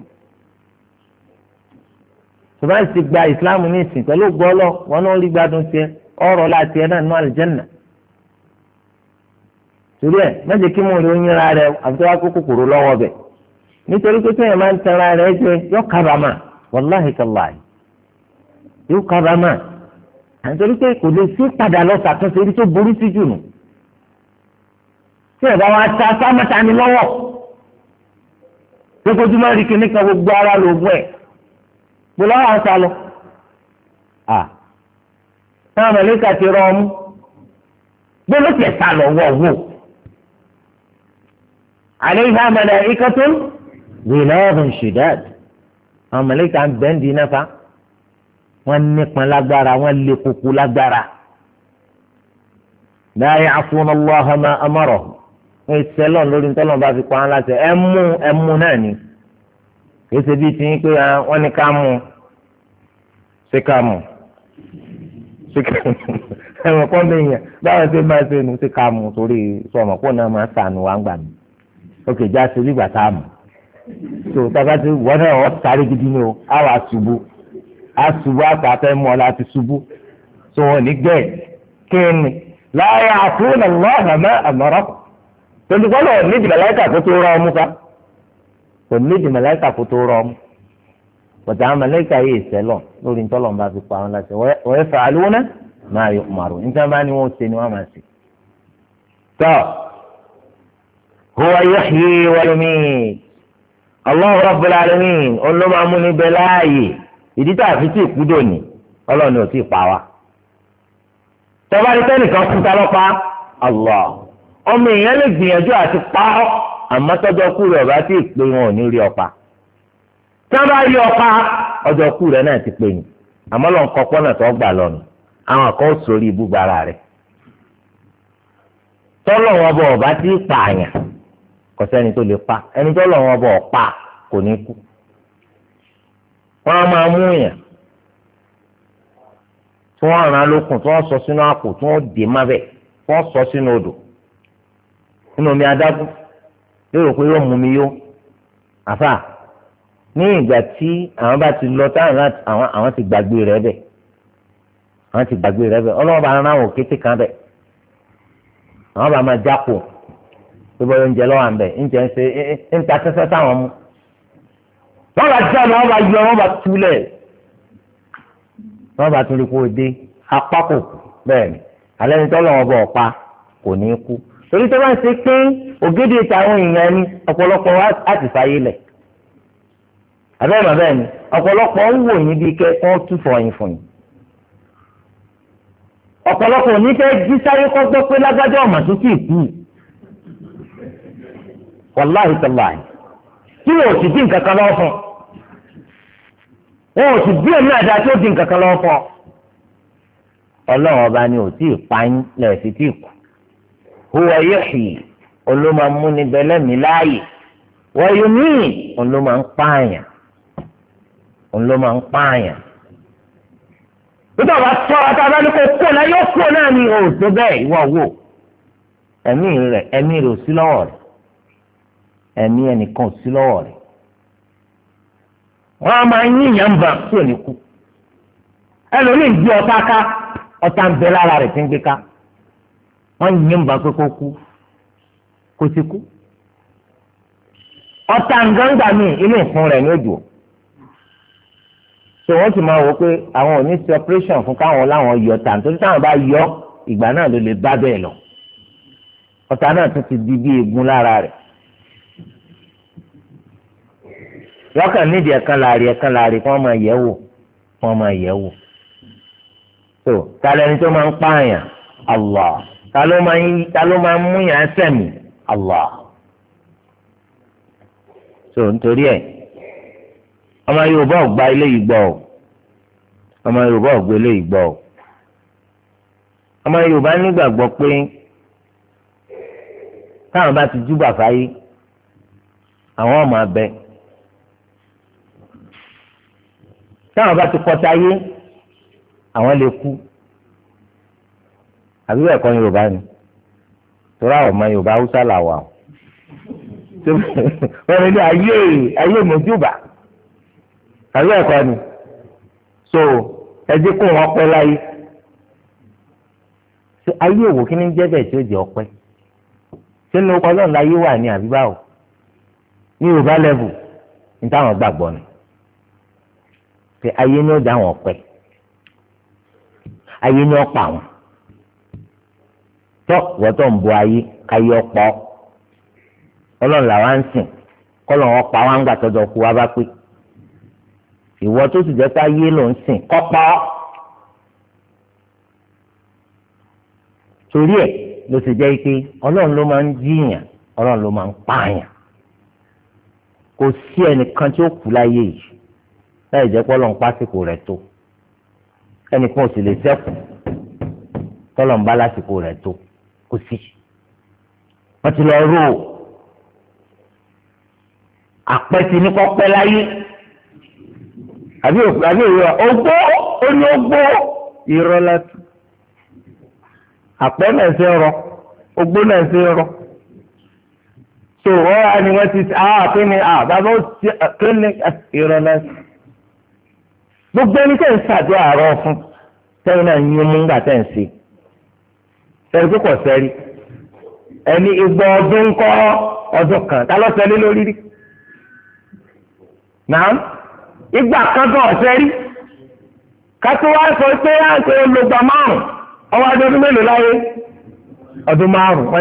ṣùgbọ́n ti gba Islam nísìnyí pẹ̀lú gbọ́lọ́ wọn náà rí gbádùn tiẹ̀ ọ̀rọ̀ láti ẹ̀ náà nú àlùjẹ́ náà. torí ẹ̀ mẹ́jẹ̀ kí mo rí oyin ra rẹ̀ àbí wá kó lọ́wọ́ yóò kábàámà àtẹ̀rí pé kò lè sí padà lọ sàtúnṣe ibi tó burú sí jù nù tí ẹ̀ bá wa ta sámẹ́ta ni lọ́wọ́ lójoojúmọ́ rí kíní kan gbogbo ara lòògùn ẹ̀ gbọ́dọ̀ wà ń sá lọ. táwọn mẹ̀lẹ́kà ti rọ ọmú gbọ́dọ̀ tiẹ̀ sá lọ wọ̀ wò. àlẹ́ ìhà mẹ̀lẹ́ ikọ́tún gbìyànjú ṣùdáàd àwọn mẹ̀lẹ́kà ń bẹ́ẹ̀ dín wọ́n nípọn lágbára wọ́n lé koko lágbára. la ya'suna Allaha ma amarahum wọ́n ìṣẹ́lọ̀ lórí ntọ́lọ́ bá fi pa án láti ẹ̀ mú ẹ̀ mú náà ni èsì bíi ti ń pé ah, wọ́n ní ká mú ṣé ká mú ṣé ká mú ẹ̀wọ̀n kọ́ ní ìyẹn báwọn ṣe máa ṣe nu ṣé ká mú torí sọmọ kó náà máa sànù wá ń gbà mí òkè já sí bí gbà tá a mú tó tábà tí wọ́n náà wọ́n sáré gidi ni o á wà ṣubú asubu àtàtà mú ọ láti ṣubú tó wọn ní gbẹ kíni láyé àfúnà lọ́hàmẹ́ àmọ́rọ́ tolukọ́lọ́ nídìí mẹ́láìkà kó tó rọ ọmú ká kò nídìí mẹ́láìkà kó tó rọ ọmú pọ̀tà àwọn mẹ́láìkà yìí sẹ́lọ̀ lórí ntọ́lọ̀ ń bá fi pa wọn láti wọ́n ẹ fà á lóná máa yọ màrún níta bá ní wọn ṣe ni wọn máa ṣe. tọ́ huwa yuhyi wa yumiit Allahu rabbul alamin olóòmù láàyè ìdí tá a fi tí ìkú dòní ọlọ́run ò tí ì pa wa tọ́ba ní tẹ́nìkan kú ta lọ́pa Allah ọmọ èèyàn lè gbìyànjú àti pa ọ́ àmọ́ tọ́jọ́ kú rẹ̀ ọba tí ì pé wọn ò ní rí ọ̀pá tí wọ́n bá rí ọ̀pá ọjọ́ kú rẹ̀ náà ti pé ni àmọ́ lọ́n kọ́ pọ́nà tó gbà lọ́nu àwọn kan ó sórí ibú rẹ̀ tọ́lọ̀ bọ̀ ọba tí ì pààyàn kò tó lè pa ẹni tọ́lọ̀ bọ̀ ọ̀pá wọ́n á máa mú yàn tí wọ́n rán lókun tí wọ́n sọ sínú àpò tí wọ́n dè má bẹ̀ tí wọ́n sọ sínú odò nínú omi adágún lérò pé yóò mú mi yó àfà ní ìgbà tí àwọn bá ti lọ táwọn àwọn ti gbàgbé rẹ̀ bẹ̀ àwọn ti gbàgbé rẹ̀ bẹ̀ ọlọ́wọ́ bá rán àwọn òkété kan bẹ̀ àwọn bá máa jápò pé bọ́lá oúnjẹ lọ́wọ́ à ń bẹ̀ ń jẹ́ ṣe ń ta sẹ́sẹ́ sáwọn mú. wọ́n bá jáde wọ́n bá yọ wọ́n bá túlẹ̀ wọ́n bá tún lè kó o dé apá bẹ́ẹ̀ ni alẹ́ tọ́lọ̀ wọn kò ní í kú torí tó bá ń ṣe pé ògidì táwọn èèyàn ni ọ̀pọ̀lọpọ̀ lẹ̀ bẹ́ẹ̀ ni ọ̀pọ̀lọpọ̀ ọ̀pọ̀lọpọ̀ ní fẹ́ jí sáré wọn ò sì bí èmi àdá tó di nǹkan kan ni ò tí ì pààyàn lẹ́ẹ̀sì tí ì kù huwa yuhyi olómọmúnibẹ́lẹ́mí láàyè wa yumiit olómọ ń pààyàn olómọ ń pààyàn nígbà wàá tọ́ náà yóò kó náà ni ò tó bẹ́ẹ̀ ìwọ wò ẹ̀mí rẹ̀ ẹ̀mí rẹ̀ ò sí lọ́wọ́ rẹ̀ ẹ̀mí ẹnìkan ò sí lọ́wọ́ rẹ̀ wọ́n á máa yín yàn bá tí ò ní kú ẹlòmíì gbé ọ̀tá ká ọ̀tá ń bẹ lára rẹ̀ tí ń gbé ká wọ́n yín bá pé kó kú kó ti kú ọ̀tá ǹgáǹgà mi inú ìfun rẹ̀ ní òjò so wọ́n sì máa wọ pé àwọn ò ní separation fún káwọn láwọn yọ ọ̀tá nítorí táwọn bá yọ ìgbà náà ló lè bá bẹ́ẹ̀ lọ ọ̀tá náà tún ti di bí egun lára rẹ̀ wọ́n kàn nídìí ẹ̀kan láàrin ẹ̀kan láàrin kí wọ́n máa yẹ̀ wò kí wọ́n máa yẹ̀ wò. tó ta lẹni tó máa ń pààyàn Allah ta ló máa ń múyàn ẹsẹ̀mì Allah. So, nítorí ẹ̀ ọmọ Yorùbá ò gba ilé yìí gbọ́ o ọmọ Yorùbá ò gbé ilé yìí gbọ́ o ọmọ Yorùbá nígbàgbọ́ pé táwọn bá ti júbà fáyé àwọn ọmọ abẹ́ táwọn bá ti kọta yé àwọn lè kú àbí bẹ́ẹ̀ kọ́ yorùbá ni torí àwọn ọmọ yorùbá haúsá là wà o wọ́n ní ayé ayé mọ̀júbà àbí bẹ́ẹ̀ kọ́ ni so ẹ jẹ́ kó wọn pẹ́ láyé ṣe ayé òwò kí ni jẹ́ bẹ́ẹ̀ tí ó jẹ́ ọpẹ́ sínú ọlọ́run láyé wà ní àbí báwo ní yorùbá lẹ́bù ní táwọn gbàgbọ́ ni pé ayé ni ó dá wọn pẹ́ ayé ni ó pa wọn tọ́ wọ́tọ̀ ń bọ ayé káyé ọ̀pọ̀ ọlọ́run làwa ń sìn kọ́lọ̀ wọn pa wọn gbà tọ́jọ́ kú wa bá pé ìwọ tó sì jẹ́ káyé ló ń sìn kọ́pọ́ torí ẹ̀ ló sì jẹ́ pé ọlọ́run ló máa ń jíyàn ọlọ́run ló máa ń pààyàn kò sí ẹnìkan tí ó kú láyé yìí láì jẹ́ pọ́ lọ́n pásìkò rẹ̀ tó ẹnìkan ò sì lè sẹ́kù tọ́lọ̀ ń bá lásìkò rẹ̀ tó kó sí. wọ́n ti lọ rú o àpẹtì ní kọ́pẹ́ láyé àbí òwúrọ̀ ogbó ó ní ogbó irọ́ láti àpẹ́ náà ṣe rọ ogbó náà ṣe rọ tó wọ́n á ní wọ́n ti ṣe àwọn àpẹ́ ni àbábọ́ kí ni ah, ah, irọ́ láti. gbogbo ẹni tẹ́ ń ṣàdúrà àárọ̀ fún tẹ́yìn náà yín mú nígbà tẹ́ ń ẹni tó ọdụ sẹ́rí ẹni ọdún kọ́ ọdún kan ta ló sẹ́rí lórí rí náà ìgbà kan gan márùn ọwọ́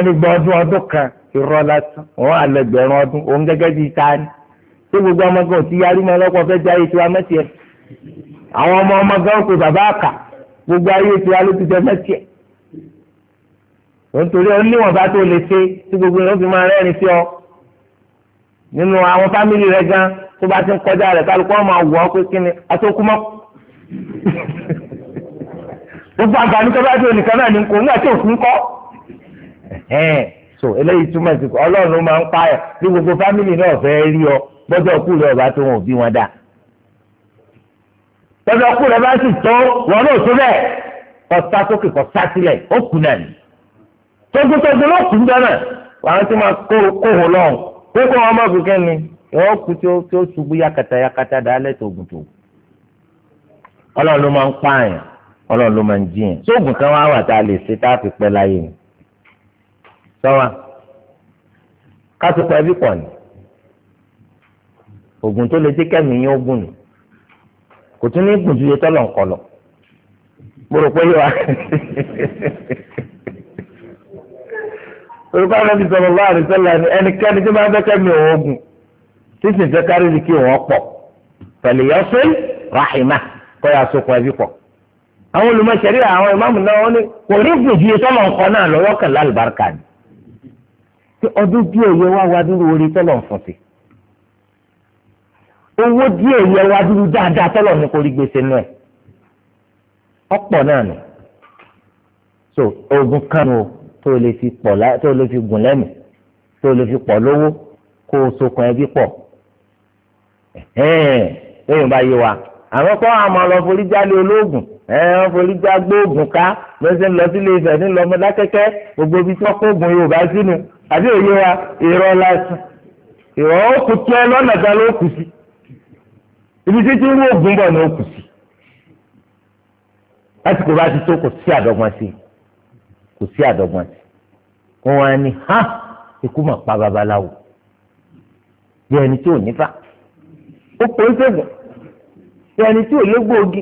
mélòó kan irọ́ lásán wọn ọdún òun gẹ́gẹ́ bíi tí gbogbo ọmọ ò ti yarí mọ́ ọlọ́pàá àwọn ọmọ ọmọ gan kò bàbá àkà gbogbo ayé tiwa ló ti jẹ mẹtìẹ nítorí ó níwọ̀n bá tó lè ṣe tí gbogbo yẹn ó fi máa rẹ́rìn sí ọ nínú àwọn fámìlì rẹ gan tó bá ti ń kọjá rẹ kálukú ọmọ àwọ̀ ọ́ pé kí ni àtọkùmọ́ gbogbo àǹfààní tó bá tó nìkan náà ní kò ń gbà tó fún kọ́ so eléyìí túmọ̀ sí ọlọ́run ló máa ń pààyàn bí gbogbo fámìlì náà fẹ́ rí ọ gbọ́dọ̀ kú lọ́ọ̀ tó wọn òbí wọn dáa tọ́jú ọkú rẹ bá sì tó wọn náà tó bẹ́ẹ̀ kọ́ sá sókè kọ́ sá sílẹ̀ ó kù náà ni tógun tógun ló kù ń dáná wàá ti máa kó kóhùn lọ́hùn pé kó wọn má fi kẹ́ni ìwọ́n kú tí ó tí ó ṣubú yakata yakata dálẹ́ tógun tó ọlọ́run ló máa ń pààyàn ọlọ́run ló máa ń jiyàn sóògùn kan wá wà tá a lè ṣe tá a fi pẹ́ láyé ni sọ́wọ́n ká tó pọ̀ ni oògùn tó lè jẹ́ kẹ́mi yín ó gùn nù kò tún ní gùn ju iye tọ́lọ̀ nǹkan lọ mo rò pé yóò wá orúkọ anábì sọ̀rọ̀ bá àdìsọ́lá ni ẹnikẹ́ni tí máa ń fẹ́kẹ́ mi òun ogun tí sì ń fẹ́ kárí ni kí òun pọ̀ pẹ̀lú yọ́sùn rahima kọ́ ya so pọ̀ ẹbí pọ̀ àwọn olùmọ̀ṣẹ́rí àwọn ìmáàmù náà wọ́n ní kò rí gùn ju iye tọ́lọ̀ nǹkan náà lọ́wọ́ kẹ̀lá àlùbáríkà ni ọdún bí òye wá wá dúró orí tọ́lọ̀ nǹkan sí owó díẹ̀ yẹ wá dúró dáadáa tọ́lọ̀ ní kò gbèsè nù ẹ̀ ọ̀pọ̀ náà nù so oògùn kan nù tó lè fi pọ̀ lá tó lè fi gùn lẹ́mìí tó lè fi pọ̀ lówó kó o sokùn ẹbí pọ̀ lẹ́yìn bá yé wa àwọn kọ́ àmọ́ lọ forí jálé olóògùn wọ́n forí já gbóògùn ká lọ́sẹ̀ lọ sílé Ifẹ̀ ní lọ́mọdá gbogbo ibi tí wọ́n kó oògùn Yorùbá sínú àbí òye wa ìrọ̀ lásán ìrọ̀ ó ẹ lọ́nà kan ló kù sí ibi títí irú oògùn bọ̀ ní òkú sí lásìkò bá ti tó kò sí àdọ́gbọ́n sí kò sí àdọ́gbọ́n sí kó wọn ní ha ikú mà pa babaláwo bí ẹni tí ò nífà ó pè é ṣègùn bí ẹni tí ò légbòogi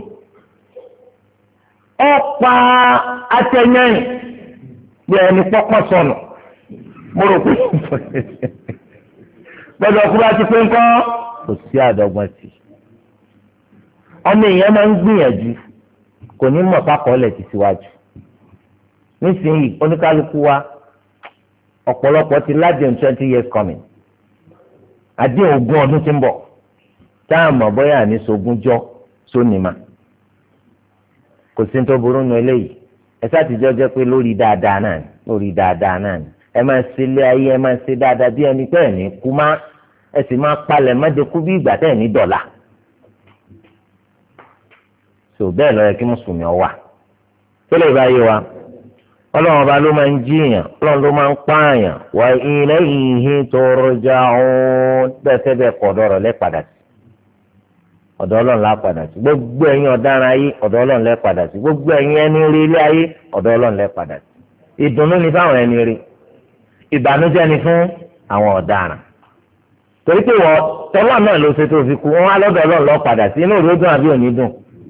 ó pa atẹnyẹyìn bí ẹni pọ́pọ́ sọnù mo rò pé gbọ́dọ̀ kú bá ti pé ńkọ́ kò sí àdọ́gbọ́n sí ọmọ èèyàn máa ń gbìyànjú kò ní mọ̀ pákọ̀ọ́lẹ̀ ti síwájú nísìnyí oníkálukú wa ọ̀pọ̀lọpọ̀ ti ládìún twenty years coming àdé ogún ọdún ti ń bọ̀ tá a mọ̀ bóyá ní sogúnjọ́ sónìmá kò sí tó burú nu eléyìí ẹ sátìjọ́ jẹ́ pé lórí ẹ máa ṣe ilé ayé ẹ máa ṣe dáadáa bí ẹni ní kú má ẹ tó bẹ́ẹ̀ ló yẹ kí mùsùlùmí ọ wà tẹ́lẹ̀ ìbáyé wa ọlọ́run ọba ló máa ń jiyàn ọlọ́run ló máa ń pààyàn wà ilayhi turja'un bẹ́ẹ̀ bẹ́ẹ̀ kọ́ ọ̀dọ́ ọ̀rọ̀ lẹ́ padà sí ọ̀dọ̀ ọlọ́run la padà sí gbogbo ẹ̀yin ọ̀daràn ayé ọ̀dọ̀ ọlọ́run lẹ́ padà sí gbogbo ẹ̀yin ẹni rí ilé ayé ọ̀dọ̀ ọlọ́run lẹ́ padà sí ìdùnnú ni fáwọn ẹni rí ìbànújẹ́ ni fún àwọn ọ̀daràn torí pé wọ́n tọ́lọ́ náà ló ṣe tó fi kú wọn á lọ́dọ̀ ọlọ́run lọ́ padà sí inú ìrójú àbí òní dùn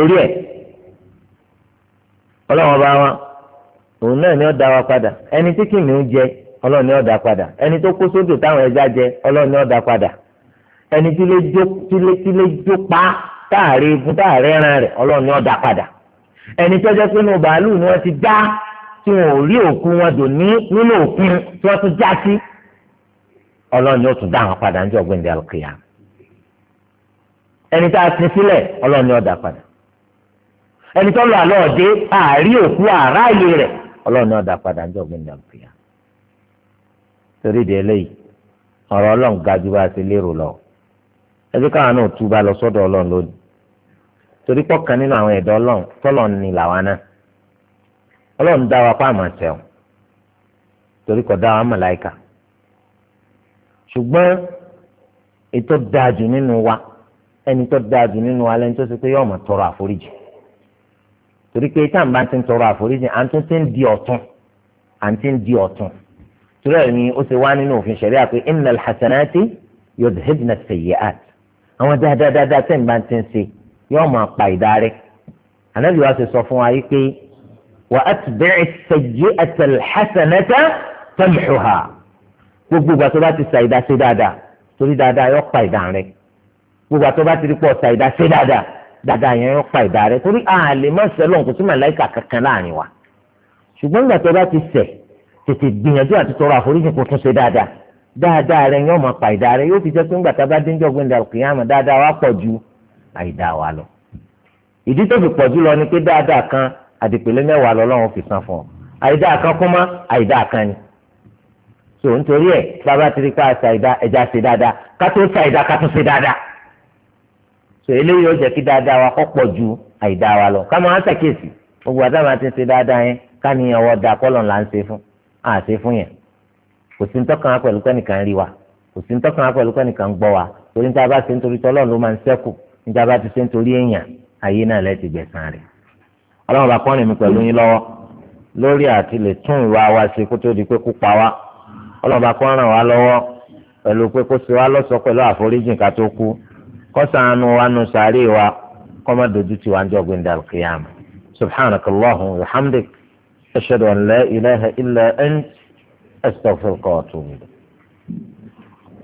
torí ẹ̀ ọlọ́wọ́n ọba wọn òun náà ni ọ́ da wa padà ẹni tí kìnìún jẹ ọlọ́run ni ọ́ da padà ẹni tó kó sódò táwọn ẹja jẹ ọlọ́run ni ọ́ da padà ẹni tí lè jó táàrí egun táàrí ẹran rẹ ọlọ́run ni padà ẹni bàálù ni wọ́n ti dá tí wọn ò rí òkú wọn dò ní nínú òkun tí wọ́n tún já sí ọlọ́run ni dá wọn ẹni tó lọ àlọ́ ọ̀dẹ́ àárí òkú àráàyè rẹ̀ ọlọ́run náà dá padà ń jọ̀gbìn nàìjíríà torí di eléyìí ọ̀rọ̀ ọlọ́run ga ju bá a ti lérò lọ ẹbí káwọn náà tú bá lọ sọ́dọ̀ ọlọ́run lónìí torí pọ̀kan nínú àwọn ẹ̀dọ́ ọlọ́run tọ́lọ̀ ní làwọn náà ọlọ́run dá wa pàmò àtẹ̀wọ̀n torí kò dá wa màláíkà ṣùgbọ́n ètò dáa jù nínú wa ẹni tó dáa jù nínú wa lẹ́ni tó ṣe pé yọ̀ọ̀mọ̀ torí pé tá à ń bá ti ń tọrọ àforíjì à ń tún ti ń di ọ̀tún à ń ti ń di ọ̀tún torí ẹ̀ ni ó ti wá nínú òfin ṣẹ̀ríà pé innal hasanati yudhibna sayyi'at àwọn dáadáa tẹ̀ ń bá ti ń ṣe yóò máa pa ìdarí ànábì wa ti sọ fún wa yìí pé wa atbi'i sayyi'ata alhasanata tamhuha gbogbo ìgbà tó bá ti ṣàìdá ṣe dáadáa torí dáadáa yóò pa ìdá gbogbo ìgbà tó bá ti rí pọ̀ ṣàìdá ṣe dáadáa Dada yẹn yọ pa ìdá rẹ torí a lè má sẹ lọ́n kò sí màláìka kankan láàrin wa ṣùgbọ́n nígbà tó bá ti ṣẹ̀ tètè gbìyànjú àti tọrọ àforíjì kò tún ṣe dáadáa dáadáa rẹ yọ máa pa ìdá rẹ yóò fi jẹ́ pé nígbà tá a bá dé níjọ́ gbẹ̀ndà kìyàmù dáadáa wa pọ̀ ju àìdá wa lọ ìdí tó fi pọ̀ jù lọ ni pé dáadáa kan àdìpẹ̀lẹ́ mẹ́wàá lọ́lọ́run fi san fún ọ àìdá kan kún mọ́ àìdá kan ni so nítorí ẹ̀ bàbá tiri ká ṣàìdá ẹja ṣe dáadáa ká tó ṣàìdá ká ṣe dáadáa tò eléyìí ó jẹ́ kí dáadáa wa kọ́ pọ̀ ju àìdáa wa lọ káma á ṣàkíyèsí gbogbo àtàwọn àti ṣe dáadáa yẹn káníyàn wọ́n da kọ́lọ̀ là ń ṣe fún à ṣe fún yẹn kò sí ntọ́kàn wa pẹ̀lú kẹ́nìkan rí wa kò sí ntọ́kàn wa pẹ̀lú kẹ́nìkan gbọ́ wa torí níta bá ṣe nítorí tọ́lọ́ ló máa ń ṣẹ́kù níta bá ti ṣe nítorí èèyàn ayé náà lẹ́ẹ̀ ti rẹ̀ ọlọ́run bá kọ́rin wa ṣe kó tó di pé kó pa wa ọlọ́run bá kọ́rin wa lọ́wọ́ pẹ̀lú pé kó kọ́sàánú wa nù sàárè wa kọ́má dojú ti wá ń jọ gbẹ̀ndà kìyàmù subhanak allahumma wa hamdik ashhadu an la ilaha illa ant astaghfiruka wa atubu ilayk.